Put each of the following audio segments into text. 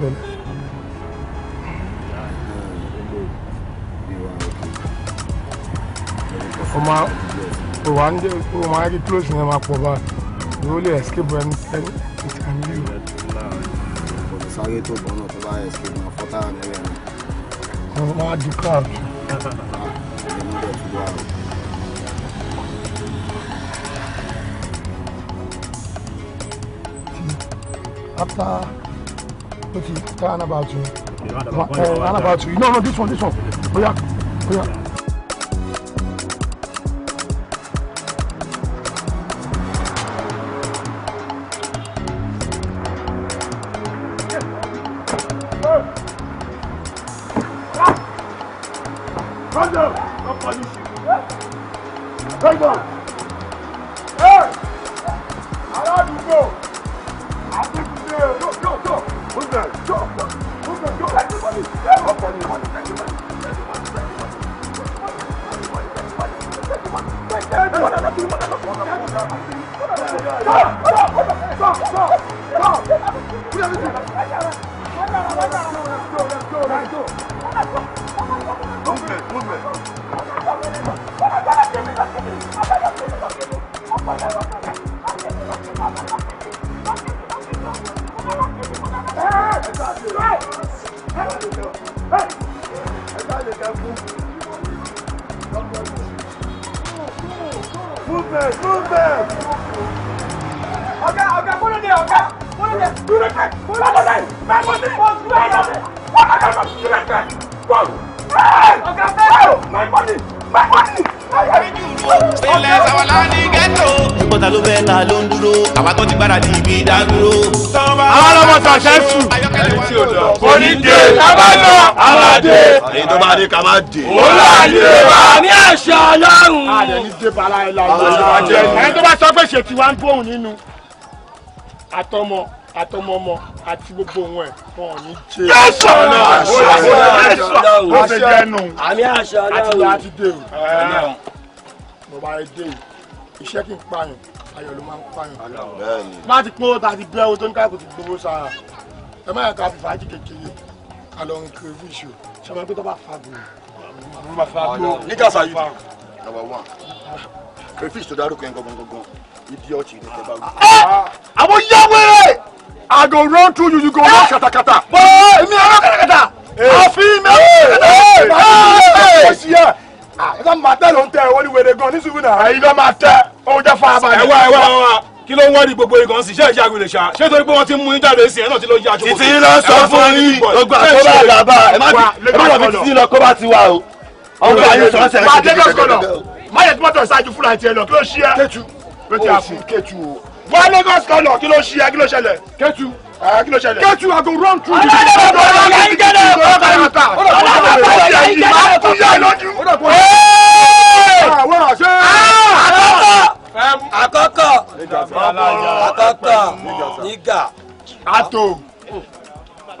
problem. ọmọ òwà ń jẹ́ ọmọ ayé close yẹn máa pọ̀ báyìí ló lè escape ẹni ẹni ìtàn yìí. sáré tó bọ̀ náà tó bá escape máa fọ́ tára mi rẹ̀. ọmọ máa di crowd. after Let's see. Roundabout you. Eh, about you. No, no, this one, this one. Oh yeah. Oh yeah. Movement, movement. Movement, movement. Ọ̀gá, ọ̀gá, follow me, ọ̀gá. Follow me. Do the thing. Follow the thing. Man, what the fuck? Do the thing. Ọ̀gá, ọ̀gá, ọ̀gá, do the thing. Go. Ọ̀gá, fẹ́. My money, my money. Ilẹ̀ Sàwálà ní ghetto. Ìpọ́tà ló fẹ́ ta ló ń dúró. Àwọn tó ti gbára di ibi ìdádúró. Àwọn ọmọ sọ̀ṣẹ́ sùn onídé kábàlọ aládé èyí tó bá dé ká má dé. olú àdé wà ní ẹ̀ṣẹ̀ ọlọ́run. àdé ní dé bala ẹ̀ la yọ. ẹni tó bá sọ pé ṣètì wa ń bóun nínú àtọmọ àtọmọmọ àti gbogbo ohun ẹ wọn ò ní jẹ. yẹsọ náà yẹsọ ó ṣe jẹnu àní àṣà náà àti láti dé o mo bá yẹ dé o iṣẹ́ kì í pààyàn ayọ̀ ló máa ń pààyàn. láti pín owó tá a ti bẹ́ owó tó ń káàkiri gbogbo sára ẹ má yẹ fàájì kékeré ká lọ fíṣù ṣe máa gbé bá fa gbòòrò àwọn bá fa gbòòrò. ní gàṣà yìí number one crayfish tó dárúkọ yẹn gangan ibi ọtí ni kẹ wù. àwọn yàwé I go run through you you go run ah! katakata. bọ́ọ̀ èmi àwọn katakata. Eh! àfi mi àwọn eh! katakata. Eh! Ah, ẹ ká máa tẹ ló ń tẹ ẹ wọ́n gan ní náà. ẹ yí ló máa tẹ ọjà fún abalẹ̀. ẹ wá ẹ wá ẹ wá kí ló ń wá gbogbo ìgàn sí iṣẹ́ ìṣe àgbèrè ṣá ṣé torí pé wọ́n ti mú yín sí ẹ̀ náà ti lọ yí aṣọ. títí lọ sọ fún yín gbogbo àkóbá àlàbà ẹ má bí ẹ má bí títí lọ kóbá ti wà o. ọgbà ayé sọ ṣẹlẹ̀ ṣe kékeré kọlọ má yẹ tomato ṣáájú fúlà tiẹ̀ lọ kí ló ṣí ẹ. kẹtù ó sì kẹtù o. wọ́n Lagos kọlọ kí ló ṣí ẹ kí ló ṣẹlẹ̀. kẹtù kí ló ṣẹlẹ̀. kẹtù àgọ run through the. ọlọ́dọ̀ ọlọ́dọ̀ ọlọ́dọ̀ àkọ́kọ́ àkọ́kọ́ nígà. ato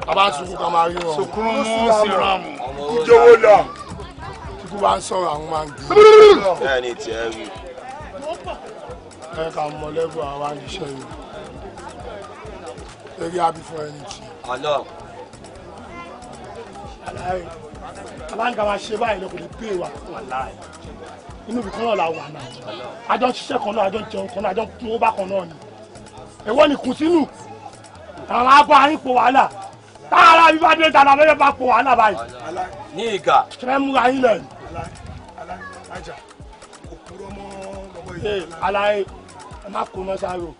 bàbá sukùn kan máa rí wọn. sukùn mú síramù. ìjọwọ́ lọ sukùn bá ń sọ̀rọ̀ àwọn máa ń gbé. bẹ́ẹ̀ ni tiẹ̀ rí. ẹ ká mọ lẹ́gùn àwa iṣẹ́ yìí eré abi ẹni tì. ọlọ. aláì aláǹgá máa ṣe báyìí lọ kò ní aláì inú ibì kan náà la wà náà àjọ ń ṣiṣẹ́ kan náà àjọ ń jẹun kan náà àjọ ń kún owó bákan náà ni èwo ni kùn sínú àwọn abọ́ àyínpo wàhálà táàrà bí bá dé dáná bẹ́ẹ̀ bá po wàhálà báyìí. ní ìgà. ṣẹ́ múra yín lẹ̀. alájà òkúrọ́ mọ́ ọmọ ìlú. ee aláì ẹ má kó náà sáré o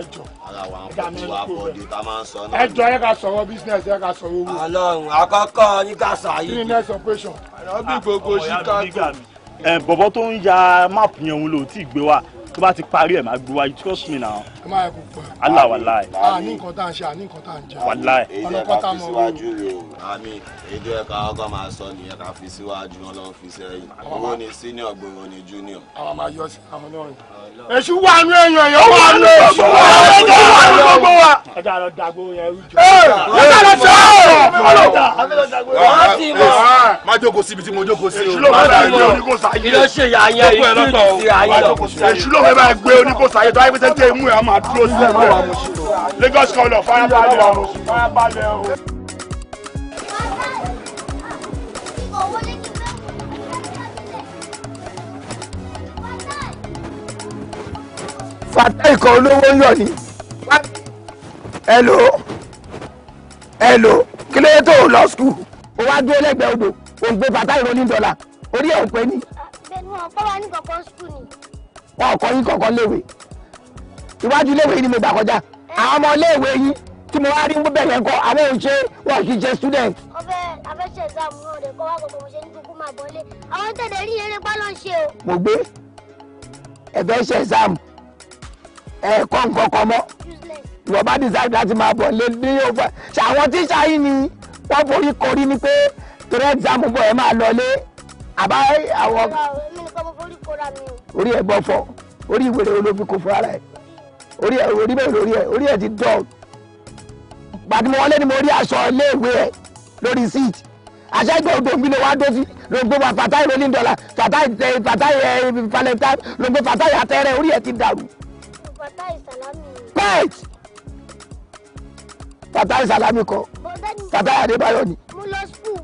ẹ jọ. ara wa ń bọ̀ wá bọ̀dé tá a máa ń sọ náà. ẹ jọ ẹ ká sọ̀rọ̀ business ẹ ká sọ̀rọ̀ owó. Ọlọ́run àkọ́kọ́ yín ká sàyè. kí ni next operation. ọ̀rọ̀ bí gbogbo Chicago ẹ bọ̀bọ̀ tó ń ya máàpù yẹn òun ló ti gbé wa tó bá ti parí ẹ̀ máa gbowó trust me now. ẹ má yẹ kó pẹ́. Allah wallahi. a ní nǹkan tá à ṣe a ní nǹkan tá à ń jẹ. wallahi. èdè ẹ̀ka fi síwájú rè o àmì èdè ẹ̀ka ọgọ́ máa sọ nìyẹn ká fi síwájú wọn lọ́wọ́ fi sẹ́yìn. owó ni senior gbòòrò ni junior. àwọn máa yọ sí àwọn náà. èṣù wà nù èèyàn èèyàn wà nù èṣù wà nù gbogbo wa. ẹ dá lọ dàgbò yẹn rújọ. ẹ dá lọ sọ àwọn ẹ̀rọ ẹgbẹ́ oníkóso ayé tó ayé pẹ́sẹ́ tẹ imú ẹ̀ á máa dúró sílẹ̀ lọ́wọ́ àwọn oṣù Lagos kọlọ̀ farabalẹ̀ o. fàtà ikọ̀ olówó ń ni. hello hello kí tó lọ skul o wá dúró lẹ́gbẹ̀ẹ́ odò òǹgbẹ fàtà ìrònú dọ́là orí ẹ̀ ò pé ní. bẹ́ẹ̀ni wọn kọ́ wa ní kankan skul ni wọn ọkọ yín kọ̀ọ̀kan léwe iwájú léwe yín ni mo gbà kọjá àwọn ọmọ léwe yín tí mo wá rí ń bẹ̀rẹ̀ kọ́ àwọn òṣè wọn kì í jẹ student. ọbẹ̀ abẹ́ṣẹ̀ exam náà rẹ̀ kọ́ wá gbogbo mo ṣe ní kúkú máa bọ́lé àwọn tẹ̀lé rí eré pa ló ń ṣe o. mo gbé ẹ̀fẹ̀ṣẹ̀ exam ẹ̀ẹ̀kọ́ nǹkan kan mọ́ ìwọ bá decide láti máa bọ̀ lé ní ọgbà ṣe àwọn tíṣà yìí ni wọ́n forí korí ni pé torí exam bọ̀ ẹ máa lọ lé àbá àwọn orí ẹ gbọ́ fọ́ orí ìwèrè olóbi kò fọ́ ara ẹ̀ orí ẹ orí bẹ́ẹ̀ lórí ẹ orí ẹ ti dọ̀ pàtí mo wọlé ni mo rí aṣọ iléèwé ẹ lórí síìtì àṣẹgbẹ́ odò mi ló wá dó sí ló gbé wa fatai rolling dollar fatai fatai valentine ló gbé fatai àtẹrẹ orí ẹ ti dàrú. fatai salami. pẹ́ẹ́t fatai salami kọ fatai adébáyọ̀ ni. mo lọ sùkúù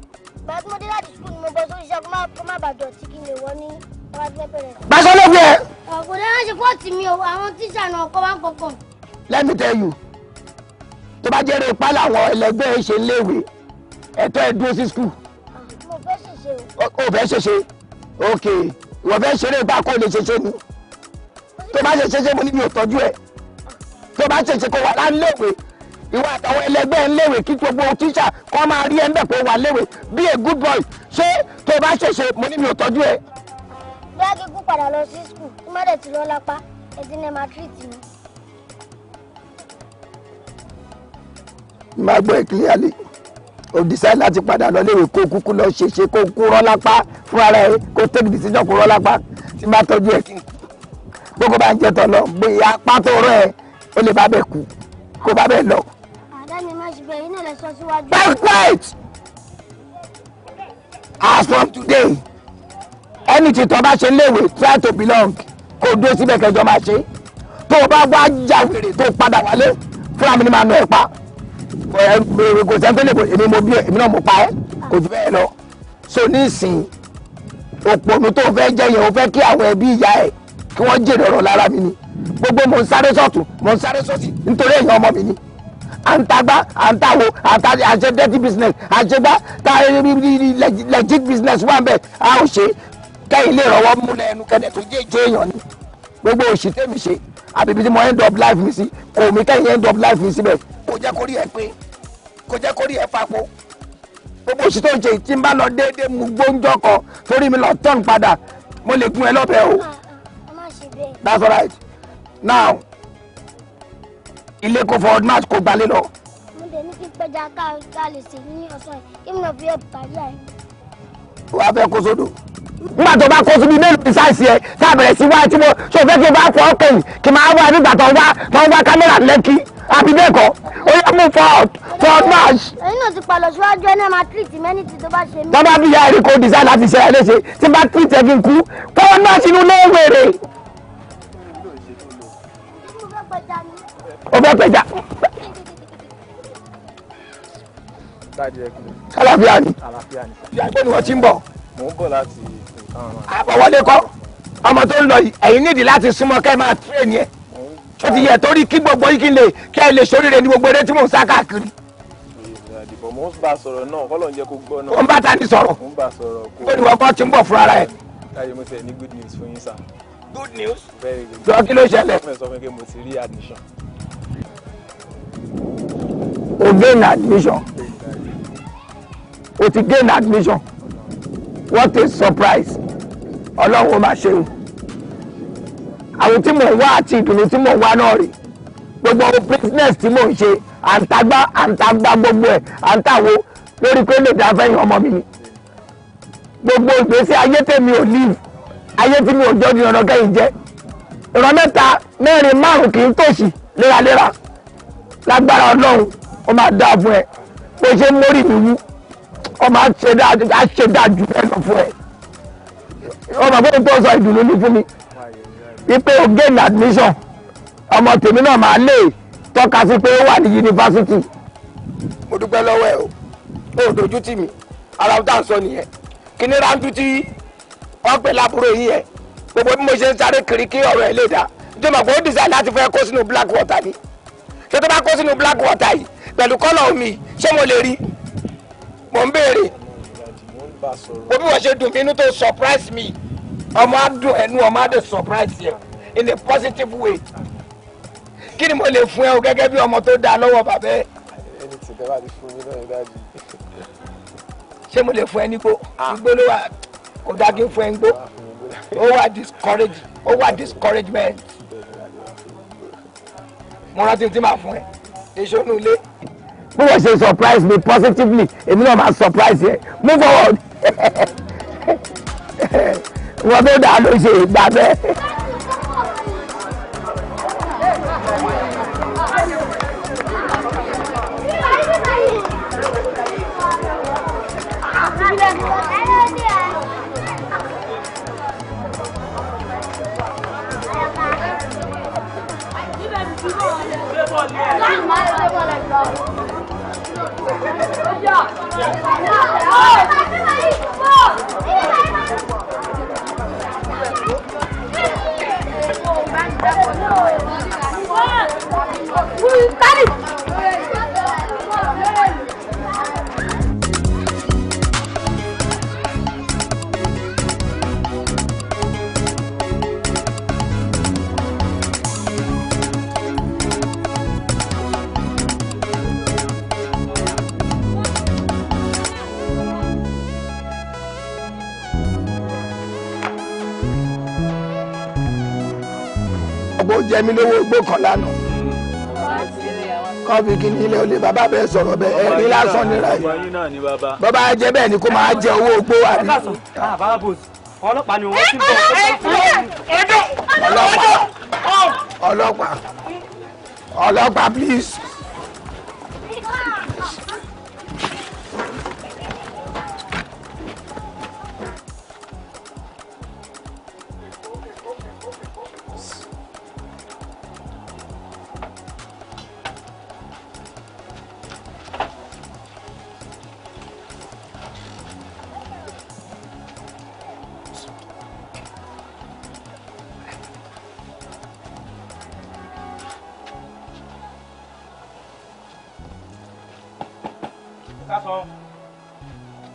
bàbá láti sùkúù ni mo bọ́ sórí iṣẹ́ kó má bàjọ́ tí kì í lè wọ́n ní gbàsọ́ ló ẹ. ọ̀gùnlé wọn ṣe fọ́ọ̀tì mi o àwọn tíṣà náà kọ́ wá ń kọ̀ọ̀kan. let me tell you tó bá jẹ́ rèé pálá àwọn ẹlẹgbẹ́ ẹ ṣe léèwé ẹ̀tọ́ ẹ dúró sí skul. mo fẹ́ ṣèṣe o. o fẹ́ ṣèṣe ok wọ́n fẹ́ ṣeré ìbákọ́ lè ṣèṣe ni tó bá ṣe ṣeṣe mo ní mi ò tọ́jú ẹ̀ tó bá ṣe ṣe kó wà láńléèwé ìwà àtàwọn ẹlẹgbẹ́ ẹ̀ ń léèwé kí gbogbo tíṣà kọ́ máa rí ẹ̀ wà léèwé be a good boy ṣé tó bá ṣe ṣe mo ní mi ò tọ́jú ẹ̀ kíkún padà lọ sí skul kí má dẹ̀ ti lọ lápá ẹtí ní ẹ máa tírìtì mi. máa gbọ́ ìkílíyàlì ò decide láti padà lọ léèrè kó kúkú lọ ṣe ṣe kó kú rọ́ lápá fún ara ẹ kó take decision kó rọ́ lápá tí bá tọ́jú ẹ kí gbogbo bá ń jẹ tọ lọ bóyá apá tó rọ ẹ ó lè bá bẹ́ẹ̀ kú kó bá bẹ́ẹ̀ lọ. àdáni má ṣe bẹ́ẹ̀ iná lè sọ síwájú. bye quiet as from today ẹni tí tọ́ bá ṣe léèwé try to belong kò dúró síbẹ̀ kẹjọ máa ṣe tó o bá wá jàwèrè tó o padà wálé fúnra mi ni màá nù ẹ pa kò sẹ́ni tó lè bò èmi mo bí èmi náà mo pa ẹ́ kò jù bẹ́ẹ̀ lọ so nísìnyí òpònú tó fẹ́ jẹ yẹn o fẹ́ kí àwọn ẹbí ìyá ẹ̀ kí wọ́n jèrè ọ̀rọ̀ lára mi ni gbogbo mò ń sáré sọ̀tún mò ń sáré sọ̀sì nítorí èèyàn ọmọ mi ni à ń tagbá à ń tawò à ń ta à ń ṣe business à ta legit business wà ń bẹ̀ a ò ṣe tẹ́ ilé ìrọ̀wọ́ múlẹ̀ lẹ́nu kẹ́dẹ̀ tó jẹ́ èèyàn ni gbogbo òṣì tèmi ṣe àbíbí tí mo end up life mi sí kò mí kẹ́yìn end up life mi síbẹ̀ kò jẹ́ kò jẹ́ kórí ẹ papò gbogbo òṣì tó ń ṣe tí n bá lọ déédéé mu kan torí mi lọ tán padà mo lè gún ẹ o ah, that's alright now ilé kò kò lọ. mo dẹ̀ ní kí ká lè ṣe ní ọ̀sán wàá fẹ́ kó sódò. nígbà tó bá kó síbi mélòó ní sáìsì ẹ tá a bẹ̀rẹ̀ sí wá tí mo ṣe òfé kí n bá fọ ọkẹyìn kí n máa wá nígbà tó ń wá tó ń wá kámẹ́rà lẹ́kí àbí bẹ́ẹ̀ kọ́ ó yẹ mú ford ford march. ẹ̀yin náà ti palọ̀ síwájú ẹni máa tírìtì mẹ́nìtì tó bá ṣe mí. tọ́ba bí yàrá kó design láti ṣe ẹlẹ́ṣẹ̀ tí bá tírìtì ẹ̀ fi kú ford march inú ló wèrè. ó fẹ́ pẹja àlàáfíà ni àgbẹ̀ ni wọ́n ti ń bọ̀. mò ń bọ̀ láti àbọ̀wọlé kọ́ ọmọ tó ń lọ yìí ẹ̀yin nídìí láti súnmọ́ kẹ́ máa tírè ni ẹ̀ ó ti yẹ torí kí gbogbo yìí kí n lè kẹ́ ẹ lè ṣoríire ní gbogbo eré tí mò ń sá káàkiri. mo ń bá a sọ̀rọ̀ náà kọ́ ló ń jẹ́ kó gbọ́ náà. ó ń ta ni sọ̀rọ̀ ó ní wọ́n kọ́ ti ń bọ̀ good news fún yín sá. good news. jọ kí ló ṣẹlẹ̀. mo sọ fún mi pé mo ti o gain admission o ti gain admission what a surprise ọlọ́run ó máa ṣe o àwọn tí mò ń wá àti ìdùnnú tí mò ń wá náà rè gbogbo business tí mò ń ṣe àǹtagbá àǹtagbá gbogbo ẹ̀ àǹtàwo lórí pé lè dá fẹ́yìn ọmọ mi ni gbogbo ìgbésí ayé tèmi ò live ayé tí mi ò jọ́ di ọ̀nà kẹ́yìn jẹ́ ìran mẹ́ta mẹ́rin márùn-ún kì í tòṣì léraléra lágbára ọlọ́run ó máa dáa fún ẹ bó ṣe ń mórí mi wú ó máa ṣe dáa ṣe dáa jù bẹ́ẹ̀ lọ fún ẹ ọmọ àbúrò tó sọ ìdùnnú ní fún mi wípé o gain admission ọmọ tèmi náà máa lè tọ́ka sí pé ó wà ní yunifásitì. mo dúpẹ́ lọ́wọ́ ẹ o ó dojú tì mí ara ó tà ń sọ nìyẹn kí ni ráńtú tí wọ́n pè lábúrò yìí yẹn gbogbo bí mo ṣe ń sáré kiri kí ọ̀rọ̀ ẹ̀ lè dá jọmọ̀ pé ó dìsáì láti fẹ́ kó sínú black water ni ṣé tó bá kó sínú black water yìí pẹ̀lú kọ́lọ̀ omi ṣé mo lè rí mò ń béèrè wo bí wọ́n ṣe dùn mí inú tó surprise me ọmọ adùn ẹnu ọmọ adùn surprise yẹn in a positive way kí ni mo lè fún ẹ o gẹ́gẹ́ bí ọmọ tó dáa lọ́wọ́ bàbá ẹ. ẹni tí bẹ́ẹ̀ bá ti fún mi náà ẹ dájú. ṣé mo lè fún ẹ nígbó ah. igbó ló wà kò dáa kí n fún ẹ nígbó ah, ó wà discourage ó wà discouragement mo rántí tí màá fún ẹ èso nu ilé. bí wọ́n ṣe surprise me positively èmi náà máa surprise yẹn move forward wọ́n tó dáa ló ṣe ìgbà bẹ́ẹ̀. Who's jẹ mí lówó gbó kan lánàá kọ́ kí nílé olè bàbá bẹ́ẹ̀ sọ̀rọ̀ bẹ́ẹ̀ ẹ̀ ní lásán nira yìí bàbá jẹ bẹ́ẹ̀ ni kó máa jẹ owó gbó ah, àbí. ọlọ́pàá ni wọ́n ti bọ̀ ọlọ́pàá ọlọ́pàá ọlọ́pàá please.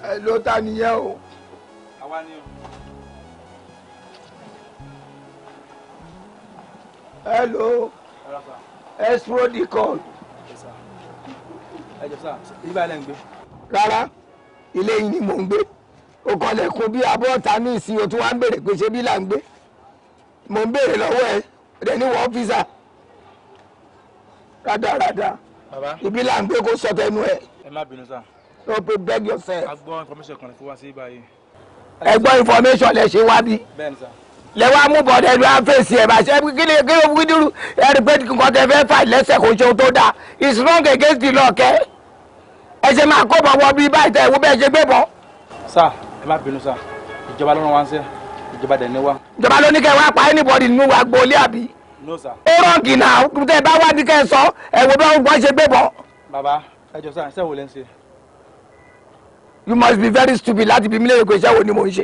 ẹ ló ta nìyẹn o. àwa ni hello explode call. rárá ilé yìí ni mò ń gbé o kọlẹ̀kùn bí abọ́ ọ̀tá ní ìsìn o tún wá ń béèrè pé ṣé bí là ń gbé mò ń béèrè lọ́wọ́ ẹ rẹ ní wọ́n fisa rádaràda ibi là ń gbé kó sọ tẹnu ẹ. ẹ má bínú sáà so protect yourself. a gbọ́ information kan kó wá sí báyìí. ẹ gbọ́ information lẹ ṣe wá bí. bẹ́ẹ̀ ni sà lẹ́wọ́n amúbọ̀dẹ ló ń fèsì ẹ̀ bá ṣe kí ni kí ni wíńdírù ẹ̀rí pé nǹkan tẹ fẹ́ fà lẹ́sẹ̀ kò ṣe tó dáa is wrong against the law kẹ́ ẹ ṣe máa kó bọ̀wọ́ bí báyìí tẹ ìwú bẹ́ẹ̀ ṣe gbé bọ̀. sá ẹ má bínú sá ìjọba ló rán wa ń sẹ ìjọba dẹ̀ ní wa. ìjọba ló ní kẹ́ ẹ wá pa anybody nínú wa gbolé àbí. no sá. ó rọ̀ǹgì náà tẹ ẹ bá wá ní kẹ́ ẹ sọ ẹ wo bá wọn ṣe gbé bọ̀. bàbá ẹ jọ sá ẹ sẹ́wọ̀ lẹ́ ń ṣe you must be very stupid láti bí mi léèrè pé iṣẹ́ wo ni mò ń ṣe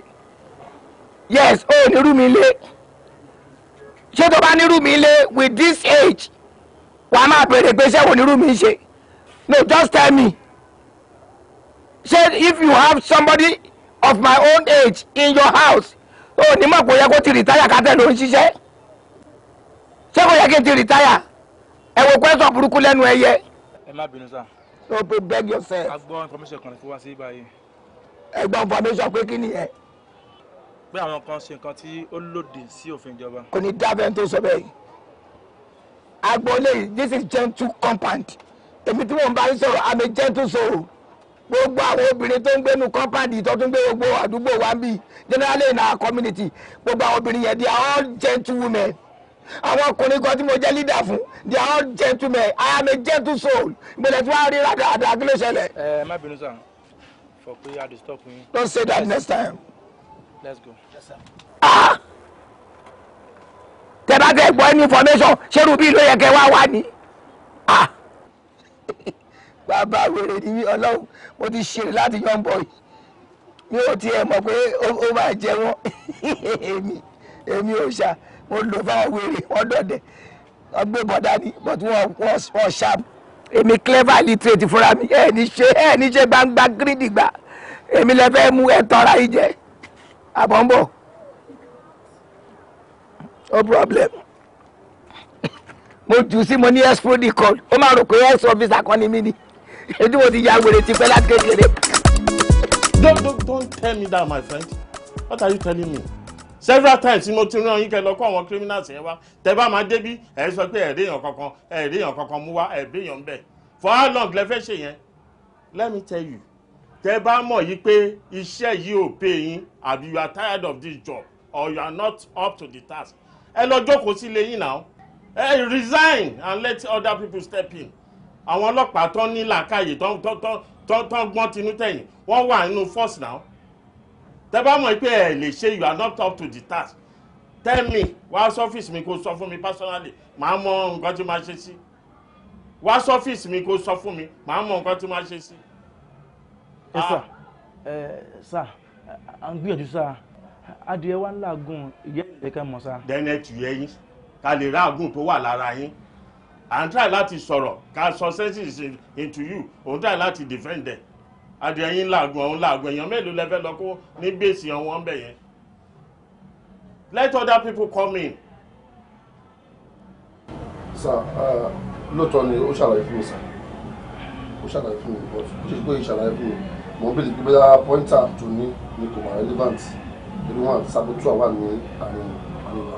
yes o ò nírú mi lé ṣé tó bá nírú mi lé with this age wà á máa béèrè pé iṣẹ́ wo nírú mi ṣe no just tell me ṣé if you have somebody of my own age in your house o ò ní mọ̀ kó yẹ kó ti rìtáyà kátẹ́ ló ń ṣiṣẹ́ ṣé kó yẹ kí n ti rìtáyà ẹ wo question burúkú lẹ́nu ẹyẹ. ẹ má bínú sáà no pay beg yourself. a gbọ́ information kan tó wá sí báyìí. ẹ gbọ́ information pé kí nìyẹn. pé àwọn kan ṣe nǹkan tí ó lòdì sí òfin ìjọba. kò ní dábẹ́ tó sọ bẹ́ẹ̀ yìí. agboolé this is gentle compound èmi tí mò ń bá yín sọ̀rọ̀ àmì gentle soul gbogbo àwọn obìnrin tó ń gbénu compound tó tún gbé gbogbo àdúgbò wa ń bì generally in our community gbogbo àwọn obìnrin yẹn they are all gentle women àwọn ọkùnrin kan tí mo jẹ́ leader fún they are all I am a gentle soul ìgbọ́dọ̀ tí wọ́n á rí rádaràdà kí ló ṣẹlẹ̀. ẹ ẹ má bínú sàn for pé i dey stop yín. don't say that next time. let's go. Yes, sir. ah tẹ bá fẹ́ gbọ́ any information ṣerú bí ló yẹ kẹ́ wá wá ni. ah bàbá wèrè ni ọlọ́run mo ti ṣe láti young boy mi ò tiẹ̀ mọ̀ pé ó máa jẹ wọ́n èmi èmi ò ṣá ó lò fáwọn ni but wọn wọn ṣam èmi clever literate fúnra mi ẹ ní ṣe ẹ ní ṣe gbangba gírídì gbà èmi lè fẹ́ mú ẹ tọ́ra yìí jẹ àbọ̀ ń bọ̀ no problem mo jù sí mo ní explode call ó máa rò pé health officer kan ni mí ni ètò mo ti ya wèrè ti pẹ́ láti kékeré. don't don't don't tell me that my friend what are you telling me several times mo ti rán yín kẹ lọ kó àwọn criminals yẹn wá tẹ bá máa débí ẹ sọ pé ẹ kankan ẹ kankan mú wá ẹ bẹ for how long lẹ fẹ́ ṣe yẹn let me tell you tẹ bá mọ̀ yìí pé iṣẹ́ yìí ò pé yín àbí you are tired of this job or you are not up to the task ẹ lọ jókòó sílé yín náà ẹ resign and let other people step in àwọn ọlọ́pàá tán ní làákàyè tán gbọ́n tinú tẹ̀yìn wọ́n wà nínú force now tẹ́ bá mọ̀ pé ẹ lè ṣe you are not up to the task tell me wá sọ́fíìsì mi kó sọ fún mi personally màá mọ nǹkan tí màá ṣe sí wá sọ́fíìsì mi kó sọ fún mi màá mọ nǹkan tí màá ṣe sí. ẹ sà ah. ẹ sà à ń gbìyànjú sà adìẹ wa ń làágùn ìyá ìdẹ́kẹ́ mọ̀ sà. dẹ́nẹ̀tì ẹyin ká lè ráàgùn tó wà lára yín à ń try láti sọ̀rọ̀ ká sọ senses into you òun try láti defend them adìẹ yín làágùn ọ̀hún làágùn èèyàn mélòó lẹ lọ kó ní gbèsè ọ̀hún bẹ̀ yẹn let other people come in. sir lóòótọ́ ni ó ṣàlàyé fún mi sir ó ṣàlàyé fún mi but ó ṣe pé ìṣàlàyé fún mi mo bí ibi bá pọ́ńtà tó ní ni kò wà relevant ibi wọn àti sabotua wà ní àárín àríwá.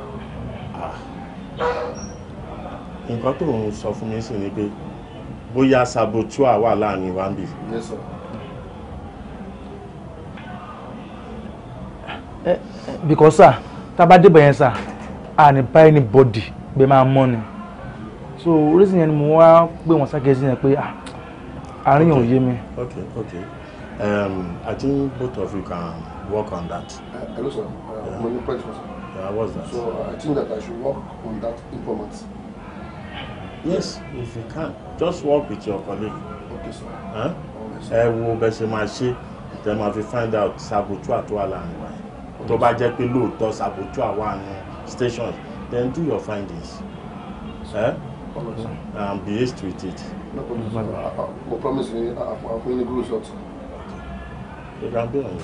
Ah. nǹkan tó ń sọ fún mi sì ni pé bóyá sabotua wà láàrin wa ń bì. yes sir. Eh, eh, because sir tábà débẹ̀ yẹn sir and ní bá anybody bẹ́ẹ̀ máa mọ́ ni so reason yẹn ni mo wá pé wọ́n sáké sí yẹn pé ah, àárín yẹn ò mi. okay okay um, I think both of you can work on that. Uh, hello sir uh, my new question sir. Yeah, what's that? So uh, I think that I should work on that implement. Yes, if you can, just work with your colleague. Okay sir. ẹ wo bẹ ṣe máa ṣe tẹ máa find out sabotage, tó wà láàrin tó bá jẹ́ pé lóòótọ́ sàbójú àwọn àwọn stations then do your findings eh? and be haste with it. Uh, uh, mo promise ni àfọyín ní gúrú ṣọ́ọ̀tì. ìgbà ń bẹ̀rẹ̀ yìí.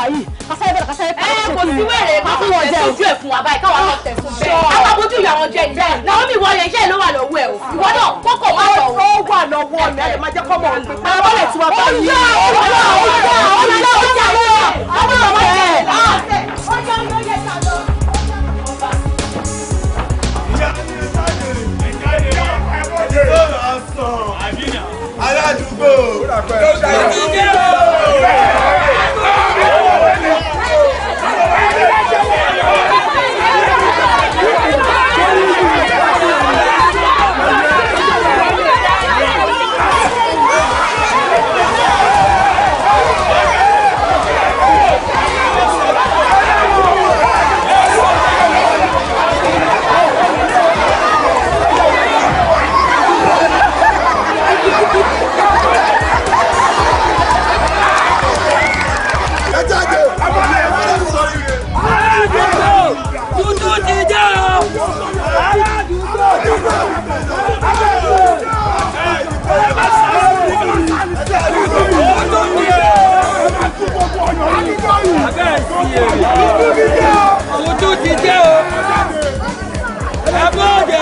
wà yìí kásáré bẹ̀rẹ̀ kásáré pàṣẹ kí ni. ẹ kò sí wèrè máa fún wọn jẹ ojú ẹ fún wa báyìí káwọn lọ tẹ̀sùn bẹ́ẹ̀ àwọn abojú ìyá wọn jẹ ìjẹ Naomi ìwọ yẹn iṣẹ́ ló wà lọ́wọ́ ẹ o ìwọ náà kókò má sọ o. ó wà lọ́wọ́ mi àyè máa jẹ́ kọ́mọ̀ òun pé bọ́lẹ̀ tí wọ́n bá yí. ó wà lọ́wọ́ aládùúgbò ló dájú.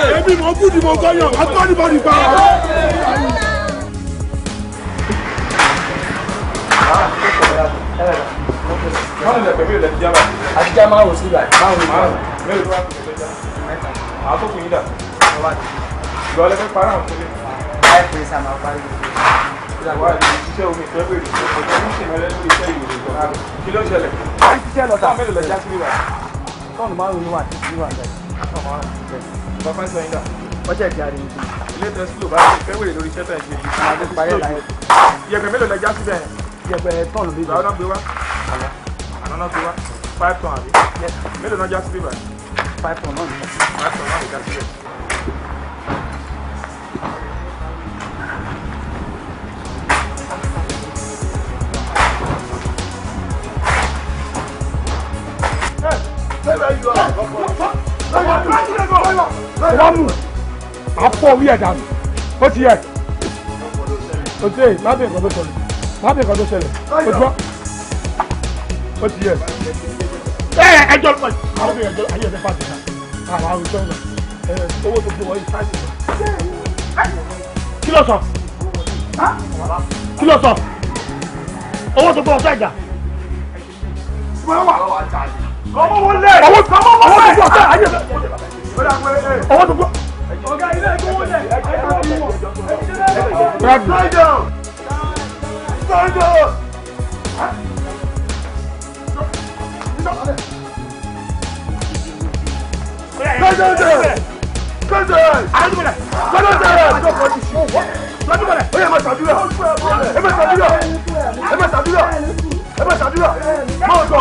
èmi mọ̀ kú ni mo gbọ́yàn agbọ́nibọ́ni bá wa. báwo ni ẹgbẹ́ mi ò lẹ́tí jábà. àtijọ́ máa wò sí ibà báwo ni màá mẹ́rin ló wà fún ìgbẹ́jà. àwọn tó kù yín dà. ìgbà wọlé fẹ́ para àwọn tó lé. láìpẹ́ sá máa parí ìgbà iṣẹ́ omi ìfẹ́ bèrè ọjọ́ ní ìṣẹ̀mẹ́lẹ́ lórí iṣẹ́ ìròyìn kí ló ṣẹlẹ̀. a ti ṣiṣẹ́ lọ sá. sọ́ọ̀nù márùn-ún ló wà títí wà bẹ́ẹ̀ bá fáìsì ọ̀yìn dà ọjọ́ ìdí àárín ìdí. ilé tẹ sílò bá fẹ́ wèrè lórí iṣẹ́ tẹ̀ ṣe yìí. àwọn àti parẹ́ láyé. yẹ̀pẹ̀ mélòó lẹ já síbẹ̀ yẹn. yẹ̀pẹ̀ tọ́ọ̀nù bíbí. àwọn náà gbé wá àwọn náà gbé wá five ton àbí. mélòó náà já síbẹ̀ báyìí. five ton náà ni. five ton náà ni já síbẹ̀. wá mú àpọ̀ orí ẹ̀ ó ti yẹ òtí ẹ̀ má bẹ̀rẹ̀ kan tó ṣẹlẹ̀ má bẹ̀rẹ̀ kan tó ṣẹlẹ̀ ó ti yẹ. ẹ ẹjọ́ lọ àwọn obìnrin ẹjọ́ ayé ẹ̀fẹ́ pàṣẹ náà àwọn àwùjọ náà owó tó fi wọ́n yìí kí ló sọ kí ló sọ owó tó fi wọ́n ṣáàjà. wọ́n wà lọ́wọ́ àjà yìí. kọ́mọ́wọ́lẹ̀ kọ́mọ́wọ́lẹ̀ ayé ẹ̀fẹ́ pàṣẹ náà ọwọ́ tó gbọ́. ọ̀gá ilé ẹ̀kọ́ wọlé ẹ̀kọ́ bí wọ́n. stand down stand down. Kọ́ńtẹ̀ẹ̀tẹ̀ kọ́ńtẹ̀ẹ̀tẹ̀ kọ́ńtẹ̀ẹ̀tẹ̀ ó yẹ ma ṣàdúrà ẹ ma ṣàdúrà ẹ ma ṣàdúrà ẹ ma ṣàdúrà mọ̀ ọ́ sọ.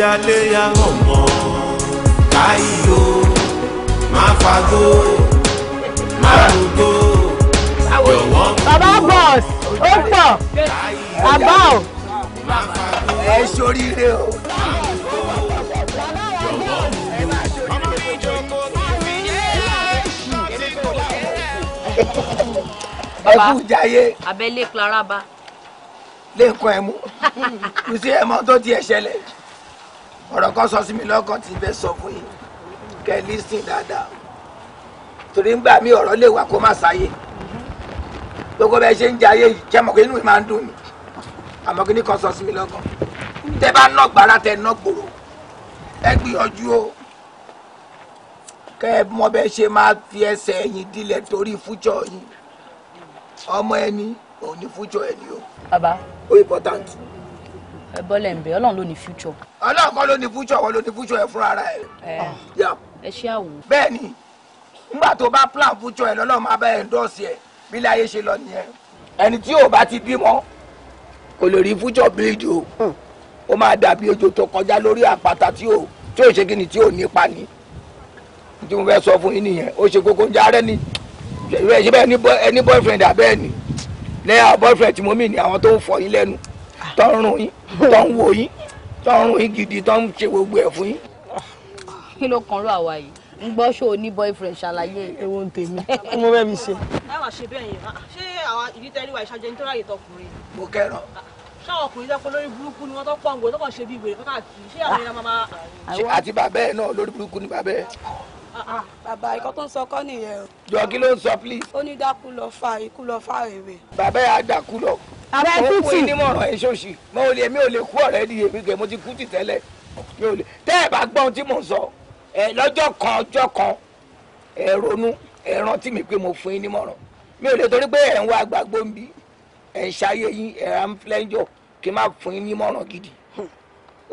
dalé ya ọmọ káyọ̀ má fagbó má rúgbó bàbá bọ́s ó pọ̀ bàbá o. ẹ ṣoríire o. ẹ kú jayé. abẹ́lé claraba. lẹ́kọ̀ọ́ ẹ̀ mú kùsì ẹ̀ tó ti ẹ̀ ṣẹlẹ̀ ọ̀rọ̀ kan sọ sí mi lọ́kàn tí fẹ́ sọ fún yín kẹ́ ẹ lísìn dáadáa torí ńgbà mí ọ̀rọ̀ lè wà kó má sáyé gbogbo bẹ́ẹ̀ ṣe ń jẹ ayé yìí jẹ́ mọ̀ pé inú mi máa ń dùn mí àmọ́ kí ni kan sọ sí mi lọ́kàn tẹ́ bá ná gbàrà tẹ́ ná gbòòrò ẹ gbìyànjú o kẹ́ ẹ mọ̀ bẹ́ẹ̀ ṣe máa fi ẹsẹ̀ yín dilẹ̀ torí fújọ́ yín ọmọ ẹni òun ni fújọ́ ẹni o. baba. ó important ẹ bọ́lẹ̀ ń bẹ ọlọ́run ló ní future. ọlọ́run kọ́ ló ní future wọ́n ló ní future ẹ̀ fúnra ara ẹ̀. Ah, ẹ ṣé àwò. bẹ́ẹ̀ ni nígbà tó bá plan future ẹ̀ lọ́lọ́run máa bá ẹ̀ endorse ẹ̀ bí láyé ṣe lọ nìyẹn ẹni tí ò bá ti bímọ kò lè rí future build o hmm. ó máa dàbí ojò tó kọjá lórí àpáta tí ò tí ò ṣe kí ni tí ò nípa ni tí mo fẹ́ sọ fún yín nìyẹn ó ṣe kókó ń járẹ́ ni ṣe bẹ́ẹ̀ ní boyfriend àbẹ́ẹ̀ ni lẹ́yìn boyfriend tí mo mì ní àwọn tó ń fọ yín lẹ́nu tó ń rún yín tó ń wò yín tó ń rún yín gidi tó ń ṣe gbogbo ẹ̀ fún yín. kí ló kan rú àwa yìí ń gbọ́ ṣó o ní boyfriend ṣàlàyé ewo ń tèmi mo fẹ́ mi ṣe. ẹ wàá ṣe bẹ́ẹ̀ yẹn ṣé àwọn ìdí tẹ́lifà ìṣàjẹ́ nítorí àyè tọkùnrin. mo kẹ́rọ̀ ṣáwọn ọkùnrin jẹ́ pé lórí burúkú ni wọ́n tó pọ̀ ń gbòó tó kàn ṣe bí ìwé kọ́kà kì í ṣé àwọn ìlànà máa. àti bàbá ẹ náà lórí burúkú ni bàbá ẹ. Ah, ah, bàbá ikọ́ tó ń sọ kọ́ nìyẹn o. jọ kí ló ń sọ please. ó ní dákú lọ fa ikú lọ fa èrè. bàbá yà á dákú lọ abẹ́ kùtì. mo fún yín nímọ̀ràn ẹ̀ ṣọ́ọ̀ṣì mo ò lè mi ò lè kú ọ̀rẹ́ di èmi kẹ́ mo ti kùtì tẹ́lẹ̀ mi ò lè tẹ́ ẹ̀ bá gbọ́n tí mò ń sọ ẹ lọ́jọ́ kan ọjọ́ kan ẹ ronú ẹ rántí mi pé mo fún yín nímọ̀ràn mi ò lè torí pé ẹ̀ ń wá àgbàgbó ń bí ẹ̀ ń ṣayé yín ẹ̀ ń flẹ́ńjọ kí n má fún yín nímọ̀ràn gidi hmm.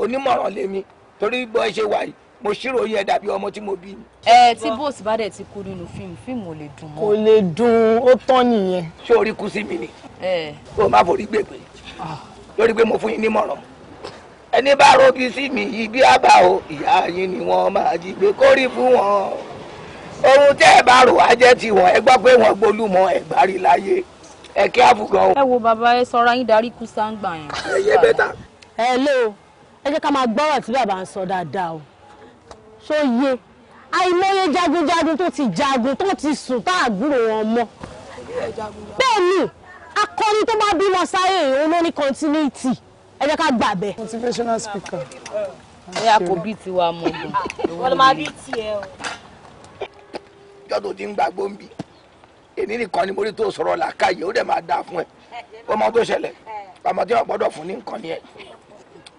onímọ̀ràn lèmi torí bó ẹ ṣe wà mo ṣírò yẹ dàbí ọmọ tí mo bí. ẹ tí bóòsì bá dẹ̀ ti kú nínú fíìmù fíìmù ò lè dùn mọ́. kò lè dùn ó tán nìyẹn. ṣé orí kú sí mi ni. kó o má forí gbègbè lórí pé mo fún yín nímọ̀ràn ẹni bá robi sí mi yìí bí àbá o ìyá yín ni wọ́n máa jí gbé kórì fún wọn ohun tẹ́ ẹ bá rò á jẹ́ tiwọn ẹ gbọ́ pé wọ́n gbólúmọ ẹ̀gbárí láyé ẹ kí á fùgàn o. ẹ wo bàbá ẹ sọra yín darí kú sáńgbà yẹn. ẹ yẹ bẹ́tà. hello ẹ jẹ́ ká máa gbọ́rọ̀ tí bàbá ń sọ dáadáa o ṣó yé àìmọye jagunjagun tó ti jagun tó ti sùn tá àgbúrò wọn mọ́ bẹ́ẹ̀ ni akọni tó bá bímọ sáyé òun ló ní continuity ẹ jẹ́ ká gbà motivational speaker. ẹ a kò bí tiwa mọ gan. wọ́n máa bí tiẹ̀ o. jọ́dọ̀ ti ń gbàgbó ń bì èmi nìkan ni mo rí tó sọ̀rọ̀ làákàyè ó dẹ̀ máa dáa fún ẹ ó mọ tó ṣẹlẹ̀ àmọ́ tí wọ́n gbọ́dọ̀ fún ní nǹkan ni ẹ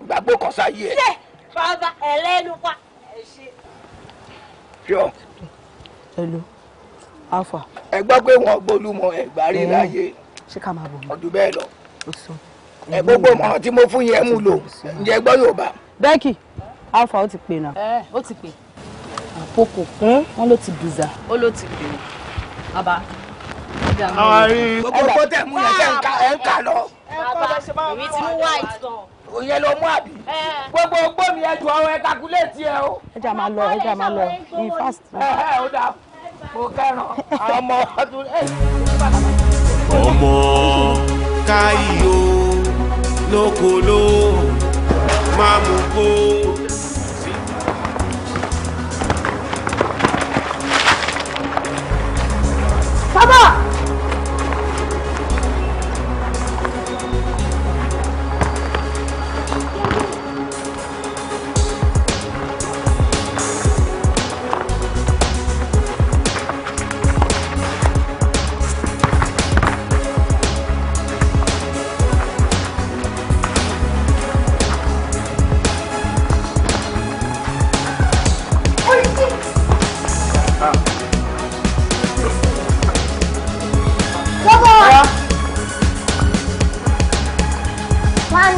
gbàgbó kọ́sáyé ẹ. ṣé fàdà ẹlẹ́nu pa sure. hello alpha. ẹ gbọ́ pé wọ́n gbólúmọ̀ ẹ̀gbá rí láyé ọdún bẹ́ẹ̀ lọ ẹ gbogbo mọ tí mo fún yẹn mú lò ǹjẹ́ gbọ́ Yorùbá. bẹ́ẹ̀kì alpha ó ti pè náà. ẹ ó ti pè àpòkò wọn ló ti bìzà ó ló ti pè bàbá. àwọn arí. gbogbo tẹ̀ mú yẹn tẹ̀ ń kà lọ. bàbá èmi ti mú wá ìtàn òye ló mú àbí eh. gbogbo ogbó mi ẹjọ ọ̀rọ̀ ẹ kakuléètì ẹ o. ẹja máa lọ ẹja máa lọ in fast. ẹ eh, ẹ ó dáa mo kẹran ọmọ ọdún eh, ọmọ káyò lókòló máa mú kó. sábà.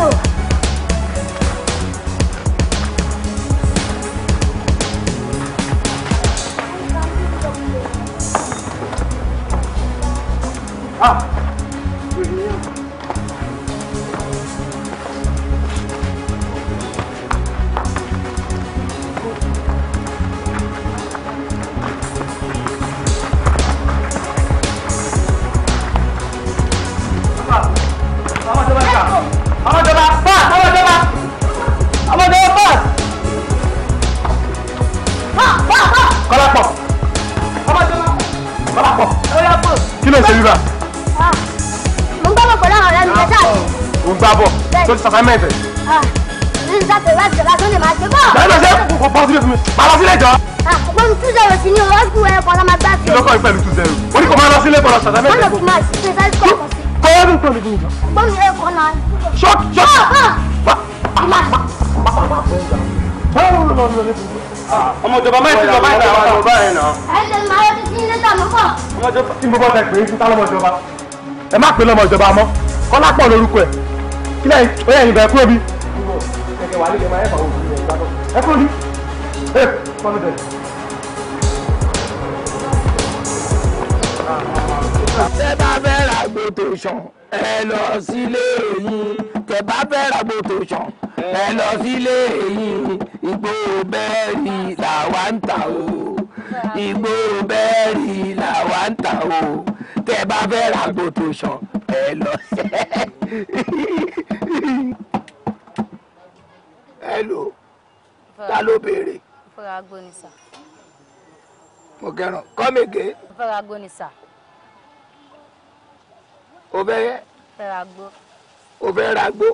피아노 아! appointment. ní sátẹ̀ wá ìjọba tó lè máa ṣe bọ́ọ̀. bẹ́ẹ̀ ló ṣe kò bọ́ sílé fún mi máa lọ sílé jọ. àpò two zero sí ni o wọ́n sùn ẹ̀kọ́ lọ́mọ gbà sí. ìlọ́kọ̀ ìpẹ̀lú two zero ó ní kò máa lọ sílé ṣe ọmọjọba máa ti lọ báyìí náà àwọn ọba yẹn náà. ẹ máa yọ títí nílé tàmú pọ̀. ọmọjọba tí mo bọ́ fẹ́ pè é fún tálọ́mọjọba ẹ má pè lọ́mọjọba mọ́ kọ́lápọ̀ lórúkọ ẹ̀ kílẹ̀ ó yẹ ìgbà kúrò bí. ẹ kúrò bí. ẹ kọ́ mi bẹ̀. tẹ́ bá fẹ́ ra gbòtò sàn ẹ lọ sílé yìí tẹ́ bá fẹ́ ra gbòtò sàn ẹ lọ sílé yìí igbó bẹ́ẹ̀rì làwa ń tà o igbó bẹ́ẹ̀rì làwa ń tà o tẹ́ bá fẹ́ ra gbòtò sàn ẹ lọ sẹ́ẹ̀. wí. hello ta ló béèrè. mo fẹ́ ra aago ni sà. mo kẹràn kọ́mẹ̀gẹ́. mo fẹ́ ra ni sà. o fẹ́ yẹ. mo o fẹ́ ra aago.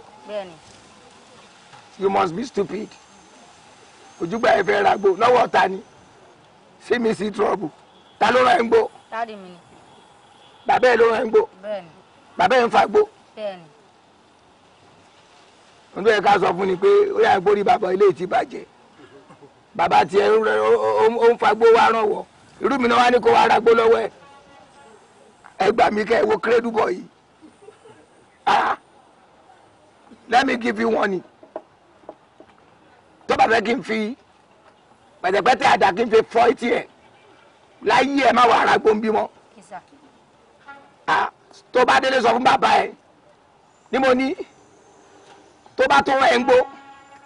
you must be stupid. ojúgbà ẹ fẹ́ ra aago lọ́wọ́ ta ni sí mi sí trouble ta ló ra ẹ ń gbó. dáàdi mi ni. bàbá ẹ ra ẹ ń gbó. bẹ́ẹ̀ni. fa gbó. bẹ́ẹ̀ni n tó yẹ ká sọ fún ni pé ó yà gbórí bàbá ilé ti bàjẹ́ bàbá tiẹ̀ ó ń fagbó wá ràn irú mi náà wá ní kó wá ragbó lọ́wọ́ ẹ̀ ẹ gbà kẹ́ ẹ wo kírẹ́dù bọ̀ yìí ah, let me give you warning tó bá fẹ́ kí n fi pẹ̀tẹ̀pẹ̀tẹ̀ àdá kí n fi fọ́ etí ẹ̀ láyé ẹ̀ má wà ragbó ń bímọ ah tó bá délé sọ fún bàbá ẹ̀ ni mo ní tó bá tó ẹ̀ ń gbó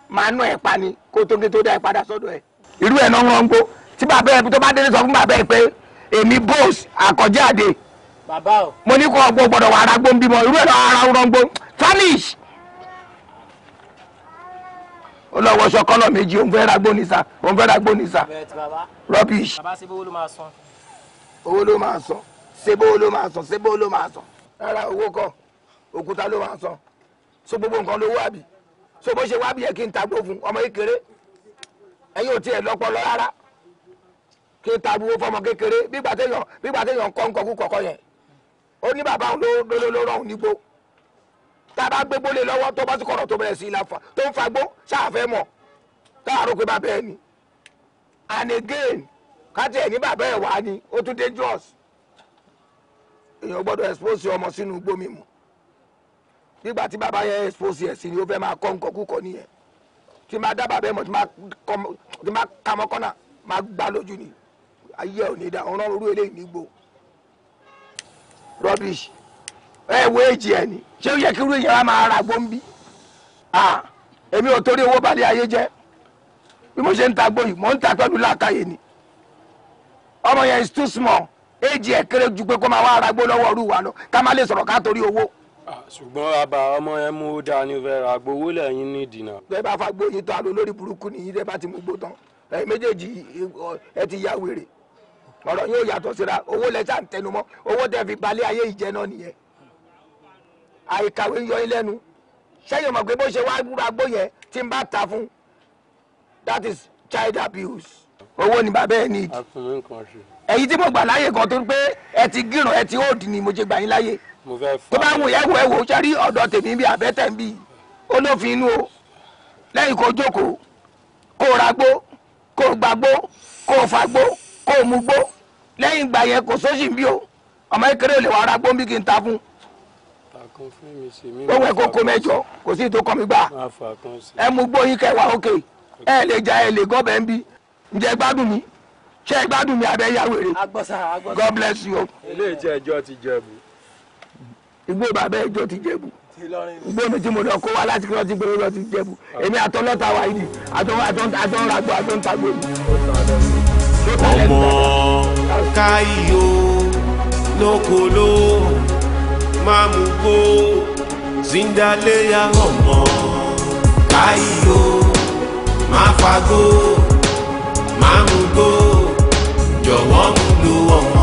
máa ná ẹ̀ pa ni kó tó ń gé tó dá ẹ̀ padà sọ́dọ̀ ẹ̀. irú ẹ̀ náà wọ́n ń gbó tí bàbá ẹ̀ tó bá délé sọ fún bàbá ẹ̀ pé èmi bose àkọ́jáde mo ní kó ọgbọ́n gbọ́dọ̀ wà ara gbó ń bímọ irú ẹ̀ náà ara ń gbó vanish. ó lọ wọṣọ kọ́lọ̀ méjì òun fẹ́ ra gbó ní sa òun fẹ́ ra gbó ní sa rubbish. bàbá ṣe bówó ló máa san. owó ló máa san ṣe bówó ló máa san ṣe bówó ló máa san rárá owó kọ́ òkúta ló máa san so gbogbo nǹkan ló wá bì so bó ṣe wá bì yẹ kí n ta gbó fún ọmọ kékeré ẹ̀yin ò tiẹ̀ lọ́pọlọ rárá kí n ta gbó fọmọ kékeré bígbà téèyàn bígbà téèyàn kọ́ ń kọkú kọ̀kọ́ yẹn ó ní bàbá òun ló ló ló rọrùn nígbó tá a bá gbégbó lé lọ́wọ́ tó bá ti kọ̀rọ̀ tó bẹ̀rẹ̀ sí ilà tó ń fagbó ṣáàfẹ́ mọ̀ táwọn àròpé bá bẹ́ẹ̀ ni and again káti ẹ̀ ní bàbá ẹ̀ wá ni ó tún dangerous èèyàn gbọ́dọ̀ expose ọmọ sínú igbó mímu nígbà tí bàbá yẹn expose ẹ̀ sí ni ó fẹ́ máa kọ́ nǹkan kúkọ nìyẹn tí máa dábàá bẹ́ẹ̀ mọ̀ tí máa ka mọ́ kọ́nà máa gbá lójú ni ayé ò ní dá ọ̀ràn orú eléyìí nígbò rubbish ẹ wo èjì ẹ ni ṣé ó yẹ kí irú èèyàn wa máa ra gbóǹbì èmi ò torí owó balẹ̀ ayé jẹ́ bí mo ṣe ń ta gbóyè mò ń ta pẹ̀lú làákàyè ni ọmọ yẹn is too small èjì ẹ kéré ju pé kó máa wá ara gbó lọ́wọ́ ọ̀rú wa lọ ká má lè sọ̀rọ̀ ká torí owó ṣùgbọ́n àbá ọmọ yẹn mú dání fẹ́ ra gbowó lẹ́yìn ní ìdìnnà. bẹ́ẹ̀ bá fagbó yìí tó àlọ́ lórí burúkú nìyí dẹ́ bá ti mú gbó tán ẹ̀yin méjèèjì ẹ ti ya wèrè ọ̀rọ̀ yóò yàtọ̀ síra owó lẹ́sà ń tẹnumọ́ owó tẹ́ fi balẹ̀ ayé ìjẹ náà nìyẹn àìkàwé yọ yín lẹ́nu sẹ́yìn mọ̀ pé bó ṣe wá rúra gbó tí ń bá ta fún that is child abuse owó ni bàbá ẹ ní ìdí ẹ̀yin tí mo gbà láyè kan tó ń pé ẹ ti gírun ẹ ti hóòdì ni mo ṣe gbà yín láyè tó bá wù yẹ wò ẹ wò ó sẹ́rí ọ̀dọ̀ tèmi bí abẹ́tẹ̀ ń bí olófin inú o lẹ́yìn kó jókòó kó ragbó kó gbagbó kó fagbó kó mugbó lẹ́yìn ìgbà yẹn kò sóṣì ń bí o ọmọ ìkéré ò lè wà ragbó bí kì í ta fún ohun ẹ̀kọ́ kó mẹ́jọ kò sí tó kọ́ gbà ẹ mugbó yín kẹwàá òkè ẹ lè ja ẹ lè gọ́bẹ̀ ń bí ǹjẹ́ gbádùn mi ṣé gbádùn mi abẹ́ yá wèrè God bless you. ilé ìjẹ́jọ́ ti jẹ̀bù igbó bàbá ẹjọ́ ti jẹ̀bù igbó mi tí mo lọ kó wa láti kí wọ́n ti gbèrò lọ ti jẹ̀bù èmi àtọ́lọ́ta wa yìí àtọ́nragbọ́ àtọ́ntàgbò mi. ọmọ káyọ̀ lókòló máa zindaleya ọmọ káyọ̀ máa fagó máa mú ọmọ.